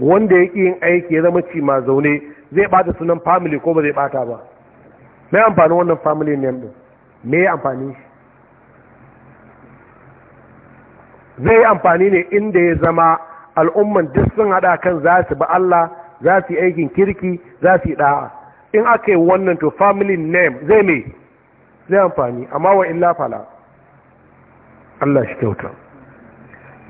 wanda ya yin aiki ya zama ci ma zaune zai bata sunan family ko ba zai bata ba me amfani wannan family name din me ya amfani shi zai yi amfani ne inda ya zama al'umman duk sun hada kan za su ba Allah za su yi aikin kirki za su yi da'a in aka yi wannan to family name zai mai. zai amfani amma wa illa fala Allah shi kyauta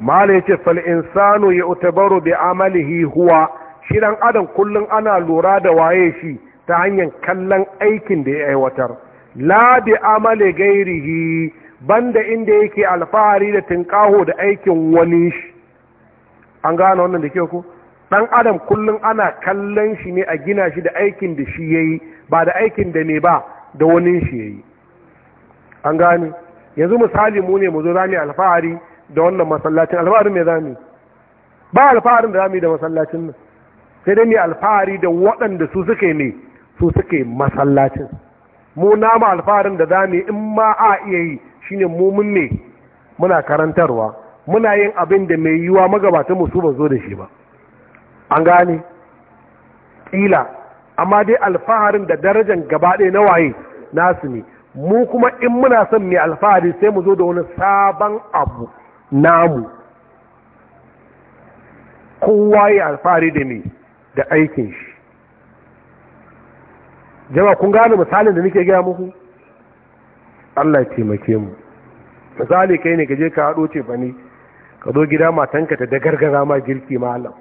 mala yace fal insanu yu'tabaru bi amalihi huwa shi dan adam kullun ana lura da waye shi ta hanyar kallon aikin da ya aiwatar la bi amali gairihi banda inda yake alfahari da tinkaho da aikin wani shi an gane wannan da ke ku dan adam kullum ana kallon shi ne a gina shi da aikin da shi yayi ba da aikin da ne ba da wani shi yayi an gane yanzu misali mu ne mu zo zami alfahari da wannan masallacin alfaharin mai zami ba alfaharin da zami da masallacin nan sai dai mai alfahari da waɗanda su suke ne su suke masallacin mu nama alfaharin da zami in ma a iya yi shine mu mun ne muna karantarwa muna yin abin da mai yiwa magabatan mu su ba zo da shi ba an gane ƙila amma dai alfaharin da darajar gaba ɗaya na waye nasu ne mu kuma in muna son mai alfahari sai mu zo da wani sabon abu namu kowa yi alfahari da mai da aikin shi jama kun gane misalin da nake gaya muku Allah ya taimake mu misali kai ne gaje ka haɗo ce ba ne ka zo gida matanka ta da gargaza ma girki malam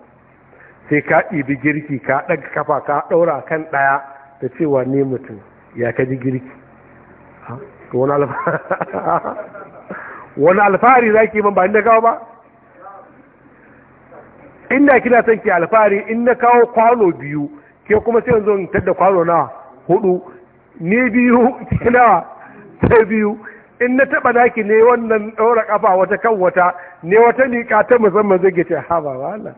sai ka ɗibi girki ka ɗaga kafa ka ɗaura kan ɗaya da cewa ne mutum ya ka ji girki (laughs) wani alfahari za ki man ba inda kawo ba inda kina son ki alfahari in na kawo kwano biyu ke kuma sai yanzu in tadda kwano na hudu ni biyu (laughs) kina ta biyu in na taba naki ne wannan ɗaura kafa wata kan wata ne wata niƙa ta musamman zai ce ha ba ala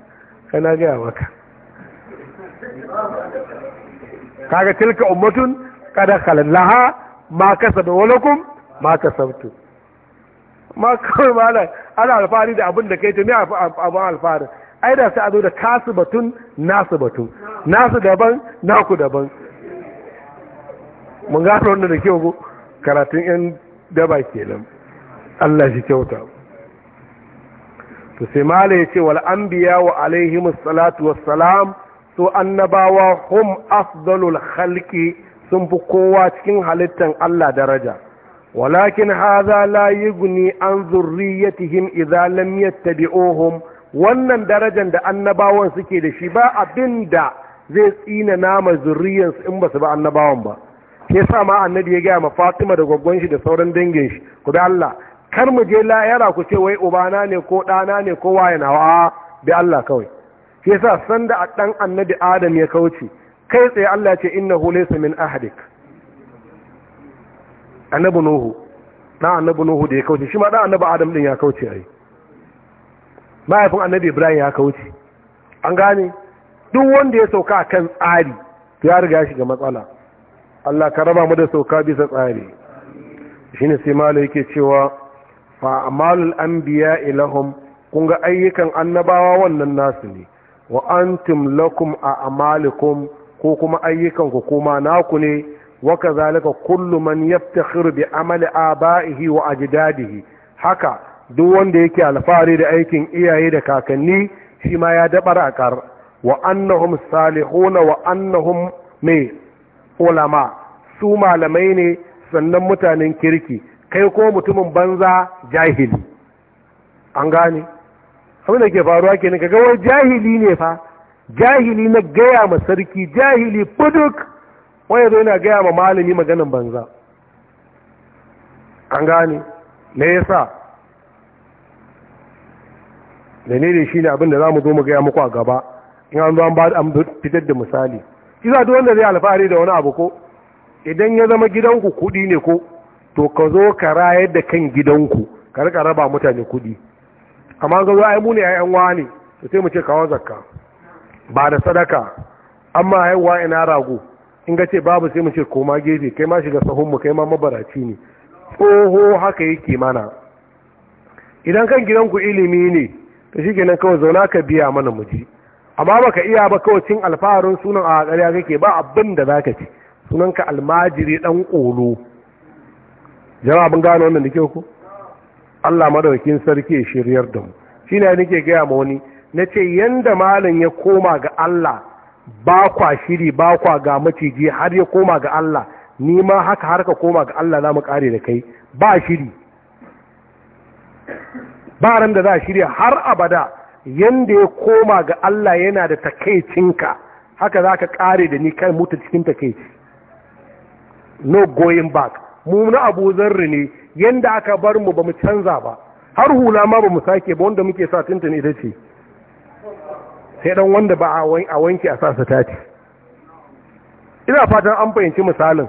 kana gaya maka kaga tilka ummatun kada kalallaha. ma kasa da kun ma kasabtu ma kawai ma ana alfahari da abin da kai tuni abin alfahari ai da sai a zo da kasu batun nasu batun nasu daban naku daban mun gano wanda da kyau karatun yan daba kenan Allah shi kyauta to sai mala ya ce wal biya wa alaihimus salatu wassalam so annabawa hum afdalul halki. sun fi kowa cikin halittan Allah daraja walakin haza la yughni an zurriyatihim idza lam yattabi'uhum wannan darajan da annabawan suke da shi ba abinda zai tsina nama zurriyansu in ba su ba annabawan ba ke sa ma annabi ya gaya ma fatima da gwaggon shi da sauran dangin shi ku da Allah kar mu je layara ku ce wai ubana ne ko ɗana ne ko waye nawa bi Allah kawai ke sa sanda a ɗan annabi adam ya kauce kai tsaye Allah ce innahu laysa min ahadik annabi nuhu na annabi nuhu da ya kauce shi ma da annabi adam din ya kauce ai mahaifin annabi ibrahim ya kauce an gane duk wanda ya sauka a kan tsari ya riga shi ga matsala Allah ka raba mu da sauka bisa tsari shine sai malo yake cewa fa amalul anbiya ilahum kun ga ayyukan annabawa wannan nasu ne wa antum lakum a amalikum ko kuma ayyukanku kuma naku ne wa kazalika kullu man yaftakhiru bi amali abaihi wa ajdadihi haka duk wanda yake alfahari da aikin iyaye da kakanni shi ma ya dabar a kar wa annahum salihuna wa annahum me ulama su malamai ne sannan mutanen kirki kai ko mutumin banza jahili an gane abin da ke faruwa kenan kaga wai jahili ne fa jahili na gaya ma sarki jahili buduk waya zo yana gaya ma malami maganin banza an gane me yasa shi shine abin da mu zo mu gaya muku a gaba in an zo an fitar da misali kisa duk wanda zai alfahari da wani abu ko idan ya zama gidanku kudi ne ko to ka zo ka rayar da kan gidanku ka rika raba mutane kudi amma ga zo ai mu ne ai an wani to sai mu ce kawo zakka ba da sadaka amma haihuwa ina rago in ga ce babu sai mu ce koma gefe kai ma shiga sahun mu kai ma mabaraci ne tsoho haka yake mana idan kan gidanku ilimi ne to shi kawai zauna ka biya mana muji ji amma baka iya ba kawai cin alfaharin sunan a ƙarya kake ba abin da zaka ci sunanka almajiri dan ƙolo jama'a abin gano wannan da ku Allah madaukakin sarki ya shiryar da mu shi shine nake gaya ma wani na ce yanda malam ya koma ga Allah ba kwa shiri ba kwa ga maciji har ya koma ga Allah ni ma haka har ka koma ga Allah za mu kare da kai ba shiri ba ran da za a shirya har abada yadda ya koma ga Allah yana da takaicinka haka za ka kare da ni kai mutu cikin takaici no going back mu na abu zarri ne Yadda aka bar mu ba mu canza ba har hula ma ba mu sake ba wanda muke sa tuntun ita ce sai dan wanda ba a wanki a sa tati ina fatan an fahimci misalin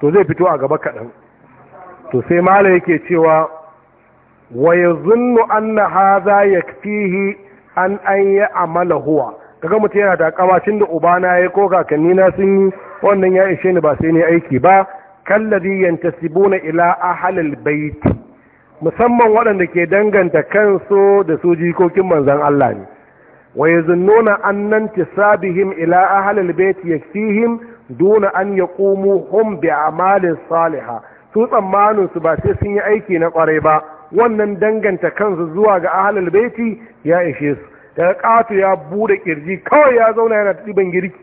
to zai fito a gaba kaɗan to sai mala yake cewa wa ya zunnu anna haza ya fihi an an yi amala huwa kaga mutum yana takamacin da ubana ya ko kakanni na sun yi wannan ya ishe ni ba sai ne aiki ba kalladi yantasibuna ila ahlal bait musamman waɗanda ke danganta kansu da su jikokin manzon Allah ne ويظنون أن annan إلى ila البيت يكفيهم دون أن an هم hum صالحة amalin ما su tsammanin su ba sai sun yi aiki na kwarai ba wannan danganta kansu zuwa ga ahlul baiti ya ishe su daga ya bude kirji kawai ya zauna yana ɗiban girki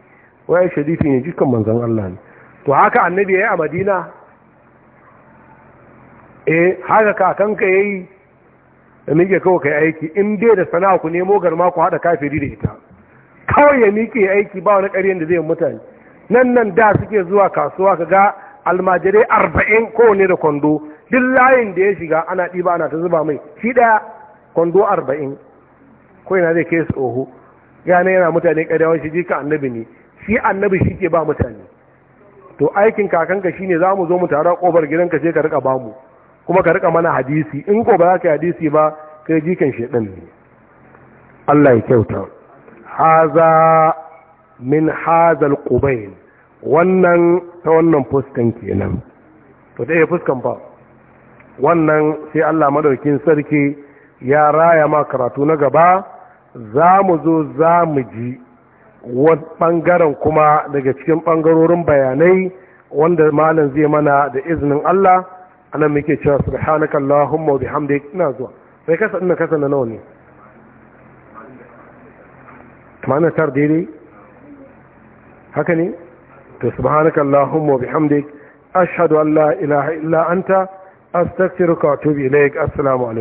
wai shadifin ya jikan Allah ne to haka annabi yi a Madina eh haka kakanka yayi miƙe kawai yi aiki in dai da sana'a ku nemo garma ku haɗa kafiri da ita kawai ya miƙe aiki ba wani ƙaryen da zai mutane nan nan da suke zuwa kasuwa ka ga almajirai arba'in kowane da kwando duk layin da ya shiga ana ɗiba ana ta zuba mai shi ɗaya kwando arba'in ko yana zai kai tsoho gane yana mutane ƙaryawan shi jika annabi ne shi annabi shi ke ba mutane to aikin kakanka shine za mu zo mu tara ƙofar gidanka sai ka rika bamu kuma ka rika mana hadisi in ko ba za ka yi hadisi ba kai jikan shedan ne Allah ya kyauta haza min hazal qubayn wannan ta wannan fuskan kenan to dai fuskan ba wannan sai Allah madaukin sarki ya raya ma karatu na gaba za mu zo za mu ji wani ɓangaren kuma daga cikin ɓangarorin bayanai wanda malam zai mana da izinin Allah anan muke cewa subhanaka allahumma wa bihamdik ina zuwa sai kasa ina kasa na nawa ne 89 daidai haka ne to subhanaka allahumma wa bihamdik ashhadu an la ilaha illa anta astaghfiruka wa atubu ilaik assalamu alaikum